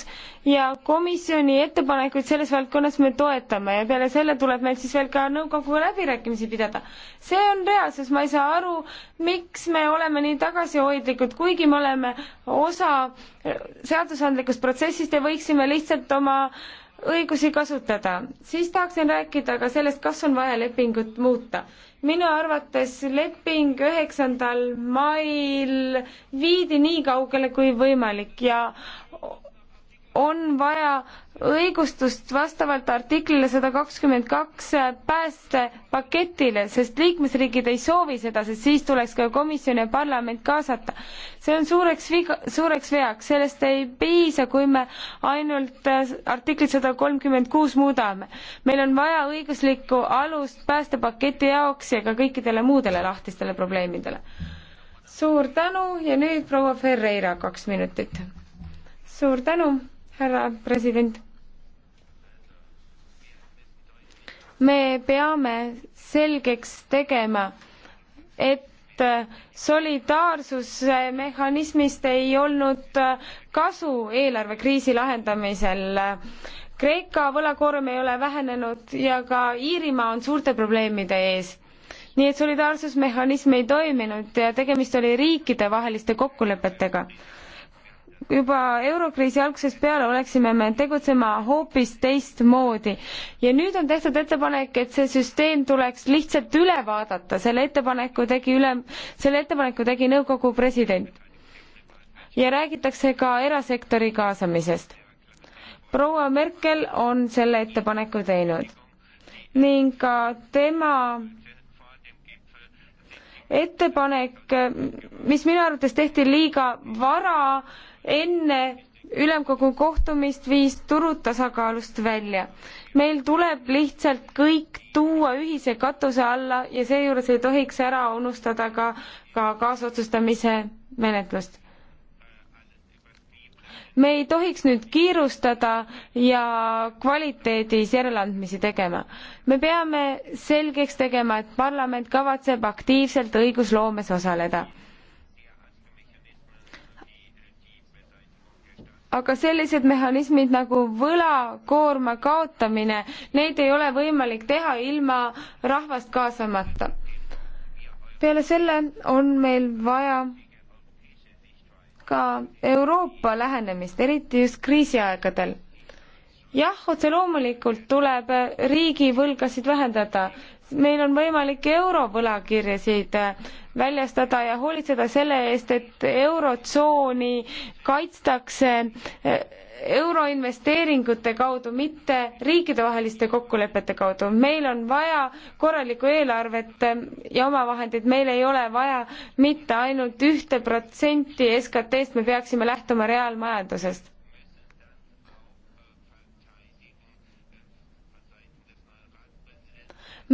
ja komisjoni ettepanekuid selles valdkonnas me toetame ja peale selle tuleb meil siis veel ka nõukoguga läbirääkimisi pidada. see on reaalsus, ma ei saa aru, miks me oleme nii tagasihoidlikud, kuigi me oleme osa seadusandlikust protsessist ja võiksime lihtsalt oma õigusi kasutada. siis tahaksin rääkida ka sellest, kas on vaja lepingut muuta minu arvates leping üheksandal mail viidi nii kaugele kui võimalik ja on vaja õigustust vastavalt artiklile sada kakskümmend kaks päästepaketile, sest liikmesriigid ei soovi seda, sest siis tuleks ka komisjon ja parlament kaasata. see on suureks viga, suureks veaks, sellest ei piisa, kui me ainult äh, artiklit sada kolmkümmend kuus muudame. meil on vaja õiguslikku alust päästepaketi jaoks ja ka kõikidele muudele lahtistele probleemidele. suur tänu ja nüüd proua Ferreira, kaks minutit. suur tänu härra president. me peame selgeks tegema, et solidaarsuse mehhanismist ei olnud kasu eelarvekriisi lahendamisel. Kreeka võlakoorem ei ole vähenenud ja ka Iirimaa on suurte probleemide ees nii et solidaarsusmehhanism ei toiminud ja tegemist oli riikidevaheliste kokkulepetega juba eurokriisi algusest peale oleksime me tegutsema hoopis teistmoodi. ja nüüd on tehtud ettepanek, et see süsteem tuleks lihtsalt üle vaadata, selle ettepaneku tegi üle, selle ettepaneku tegi nõukogu president. ja räägitakse ka erasektori kaasamisest. proua Merkel on selle ettepaneku teinud ning ka tema ettepanek, mis minu arvates tehti liiga vara, enne ülemkogu kohtumist viis turud tasakaalust välja. meil tuleb lihtsalt kõik tuua ühise katuse alla ja seejuures ei tohiks ära unustada ka, ka kaasotsustamise menetlust. me ei tohiks nüüd kiirustada ja kvaliteedis järeleandmisi tegema. me peame selgeks tegema, et parlament kavatseb aktiivselt õigusloomes osaleda aga sellised mehhanismid nagu võlakoorma kaotamine, neid ei ole võimalik teha ilma rahvast kaasamata. peale selle on meil vaja ka Euroopa lähenemist, eriti just kriisiaegadel jah, otse loomulikult tuleb riigivõlgasid vähendada, meil on võimalik eurovõlakirjasid väljastada ja hoolitseda selle eest, et eurotsooni kaitstakse eh, euroinvesteeringute kaudu, mitte riikidevaheliste kokkulepete kaudu. meil on vaja korralikku eelarvet eh, ja omavahendeid, meil ei ole vaja mitte ainult ühte protsenti SKT-st, me peaksime lähtuma reaalmajandusest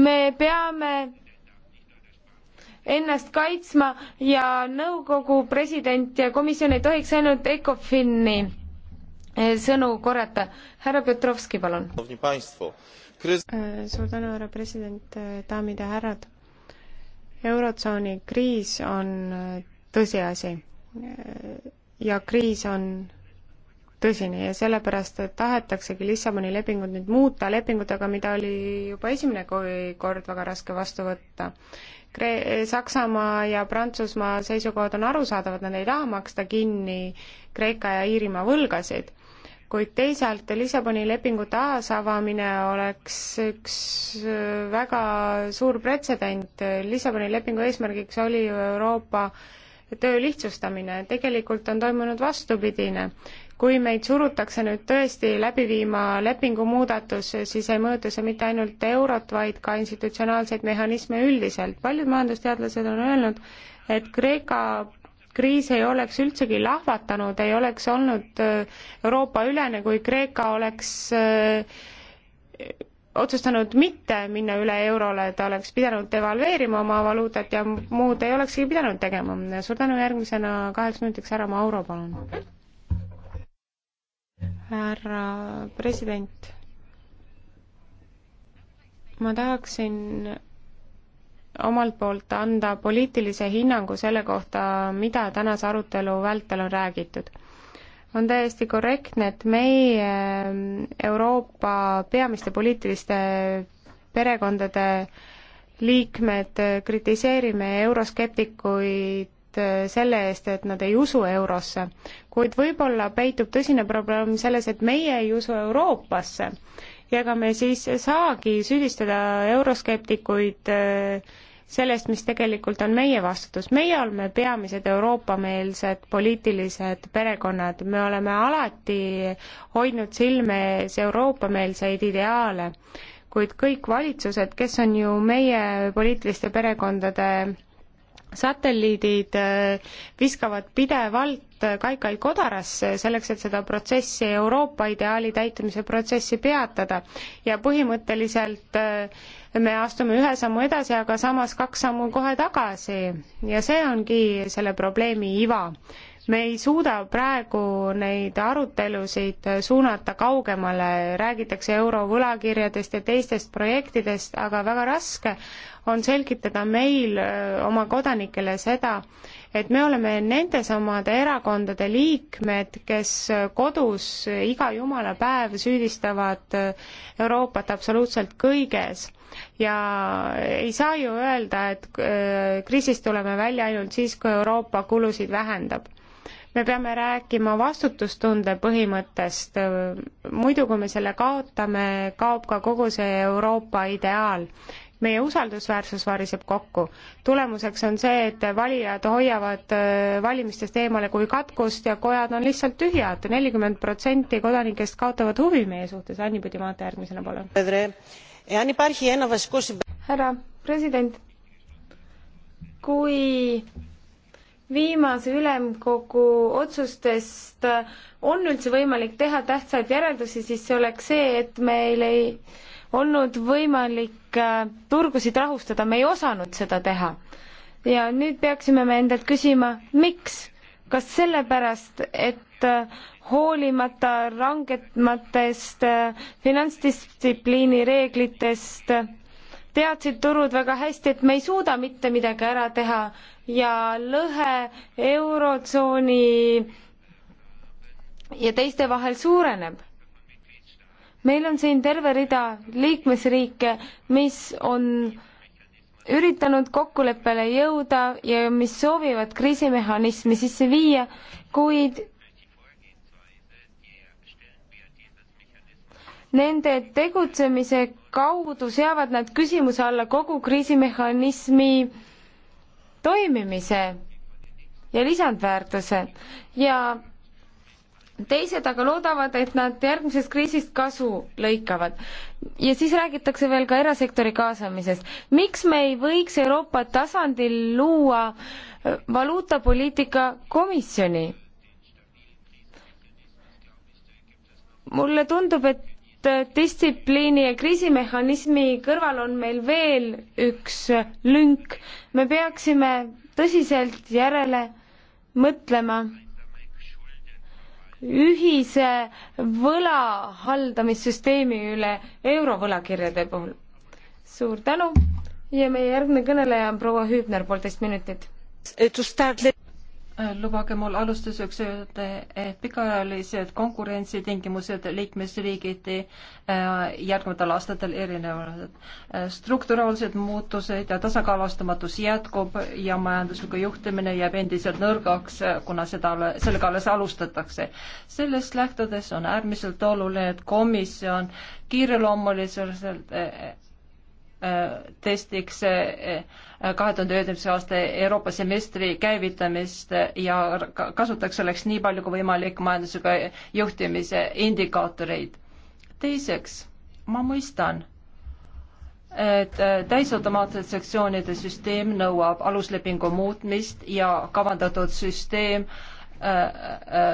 me peame ennast kaitsma ja nõukogu president ja komisjon ei tohiks ainult ECOFIN-i eh, sõnu korrata. härra Petrovski, palun. suur tänu, härra president, daamid ja härrad. eurotsooni kriis on eh, tõsiasi ja kriis on tõsine ja sellepärast, et tahetaksegi Lissaboni lepingut nüüd muuta lepingutega, mida oli juba esimene kord väga raske vastu võtta. Kre-, Saksamaa ja Prantsusmaa seisukohad on arusaadavad, nad ei taha maksta kinni Kreeka ja Iirimaa võlgasid, kuid teisalt Lissaboni lepingu taasavamine oleks üks äh, väga suur pretsedent, Lissaboni lepingu eesmärgiks oli ju Euroopa töö lihtsustamine, tegelikult on toimunud vastupidine kui meid surutakse nüüd tõesti läbi viima lepingumuudatus, siis ei mõõtu see mitte ainult eurot, vaid ka institutsionaalseid mehhanisme üldiselt. paljud majandusteadlased on öelnud, et Kreeka kriis ei oleks üldsegi lahvatanud, ei oleks olnud äh, Euroopa ülene, kui Kreeka oleks äh, otsustanud mitte minna üle eurole, ta oleks pidanud devalveerima oma valuutat ja muud ei olekski pidanud tegema. suur tänu järgmisena kaheks minutiks, härra Mauro, palun härra president, ma tahaksin omalt poolt anda poliitilise hinnangu selle kohta, mida tänase arutelu vältel on räägitud. on täiesti korrektne, et meie eh, Euroopa peamiste poliitiliste perekondade liikmed kritiseerime euroskeptikuid hoolt äh, selle eest, et nad ei usu eurosse. kuid võib-olla peitub tõsine probleem selles, et meie ei usu Euroopasse ja ega me siis saagi süüdistada euroskeptikuid äh, sellest, mis tegelikult on meie vastutus. meie oleme peamised Euroopa-meelsed poliitilised perekonnad, me oleme alati hoidnud silme ees Euroopa-meelseid ideaale, kuid kõik valitsused, kes on ju meie poliitiliste perekondade satelliidid äh, viskavad pidevalt kaikaid kodarasse, selleks et seda protsessi, Euroopa ideaali täitumise protsessi peatada. ja põhimõtteliselt äh, me astume ühe sammu edasi, aga samas kaks sammu kohe tagasi ja see ongi selle probleemi iva me ei suuda praegu neid arutelusid suunata kaugemale, räägitakse eurovõlakirjadest ja teistest projektidest, aga väga raske on selgitada meil, oma kodanikele seda, et me oleme nendesamade erakondade liikmed, kes kodus iga jumala päev süüdistavad Euroopat absoluutselt kõiges ja ei saa ju öelda, et kriisist tuleme välja ainult siis, kui Euroopa kulusid vähendab me peame rääkima vastutustunde põhimõttest, muidu kui me selle kaotame, kaob ka kogu see Euroopa ideaal. meie usaldusväärsus variseb kokku. tulemuseks on see, et valijad hoiavad äh, valimistest eemale kui katkust ja kojad on lihtsalt tühjad, nelikümmend protsenti kodanikest kaotavad huvi meie suhtes, Anni Pudimata järgmisena, palun. härra president, kui viimase ülemkogu otsustest on üldse võimalik teha tähtsaid järeldusi, siis see oleks see, et meil ei olnud võimalik äh, turgusid rahustada, me ei osanud seda teha. ja nüüd peaksime me endalt küsima, miks? kas sellepärast, et äh, hoolimata rangematest äh, finantsdistsipliini reeglitest teadsid turud väga hästi, et me ei suuda mitte midagi ära teha ja lõhe eurotsooni ja teiste vahel suureneb meil on siin terve rida liikmesriike, mis on üritanud kokkuleppele jõuda ja mis soovivad kriisimehhanismi sisse viia, kuid nende tegutsemise kaudu seavad nad küsimuse alla kogu kriisimehhanismi äh, toimimise ja lisandväärtuse ja teised aga loodavad, et nad järgmisest kriisist kasu lõikavad. ja siis räägitakse veel ka erasektori kaasamisest. miks me ei võiks Euroopa tasandil luua äh, valuutapoliitika komisjoni? mulle tundub, et distsipliini ja kriisimehhanismi kõrval on meil veel üks lünk. me peaksime tõsiselt järele mõtlema ühise võla haldamissüsteemi üle eurovõlakirjade puhul. suur tänu ja meie järgmine kõneleja on proua Hüübner, poolteist minutit. Äh, lubage mul alustuseks öelda, et pikaajalised konkurentsitingimused liikmesriigiti äh, järgnevatel aastatel erinevad. Äh, strukturaalsed muutused ja tasakaalustamatus jätkub ja majandusliku juhtimine jääb endiselt nõrgaks, kuna seda, sellega alles alustatakse. sellest lähtudes on äärmiselt oluline, et komisjon kiireloomuliselt testiks eh, kahe tuhande üheteistkümnenda aasta Euroopa semestri käivitamist ja kasutaks selleks nii palju kui võimalik majandusega juhtimise indikaatoreid. teiseks, ma mõistan, et täisautomaatsed sektsioonide süsteem nõuab aluslepingu muutmist ja kavandatud süsteem äh, äh,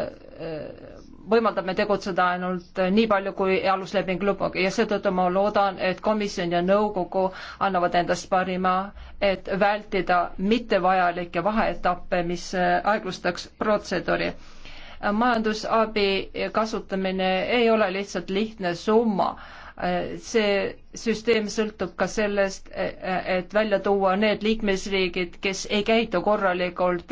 äh võimaldab me tegutseda ainult nii palju, kui alusleping lubab ja seetõttu ma loodan, et komisjon ja nõukogu annavad endast parima, et vältida mittevajalikke vaheetappe, mis äh, aeglustaks protseduuri. majandusabi kasutamine ei ole lihtsalt lihtne summa Äh, see süsteem sõltub ka sellest, äh, äh, et välja tuua need liikmesriigid, kes ei käitu korralikult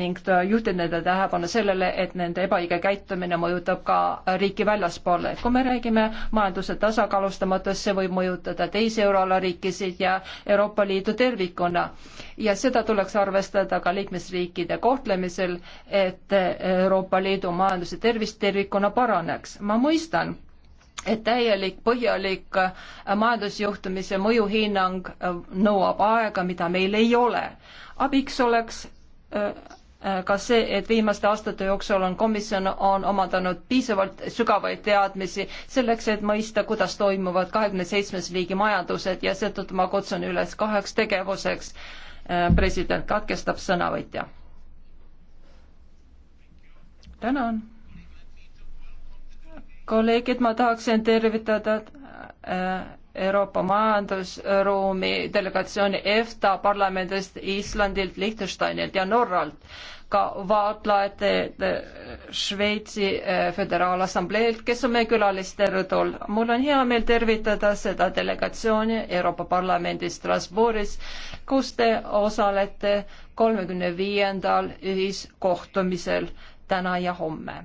ning juhtida nende tähelepanu sellele, et nende ebaõige käitumine mõjutab ka riiki väljaspoole. kui me räägime majanduse tasakaalustamatusest, see võib mõjutada teisi euroala riikisid ja Euroopa Liidu tervikuna. ja seda tuleks arvestada ka liikmesriikide kohtlemisel, et Euroopa Liidu majanduse tervis tervikuna paraneks. ma mõistan et täielik põhjalik äh, majandusjuhtumise mõjuhinnang äh, nõuab aega, mida meil ei ole. abiks oleks äh, ka see, et viimaste aastate jooksul on komisjon, on omandanud piisavalt sügavaid teadmisi selleks, et mõista, kuidas toimuvad kahekümne seitsmes riigi majandused ja seetõttu ma kutsun üles kaheks tegevuseks. president katkestab sõnavõtja. tänan kolleegid, ma tahaksin tervitada äh, Euroopa Majandusruumi delegatsiooni EFTA parlamendist Islandilt, Liechtensteinilt ja Norralt, ka vaatlejate äh, Šveitsi äh, Föderaalassambleelt, kes on meie külalisterõdul. mul on hea meel tervitada seda delegatsiooni Euroopa Parlamendi Strasbourgis, kus te osalete kolmekümne viiendal ühiskohtumisel täna ja homme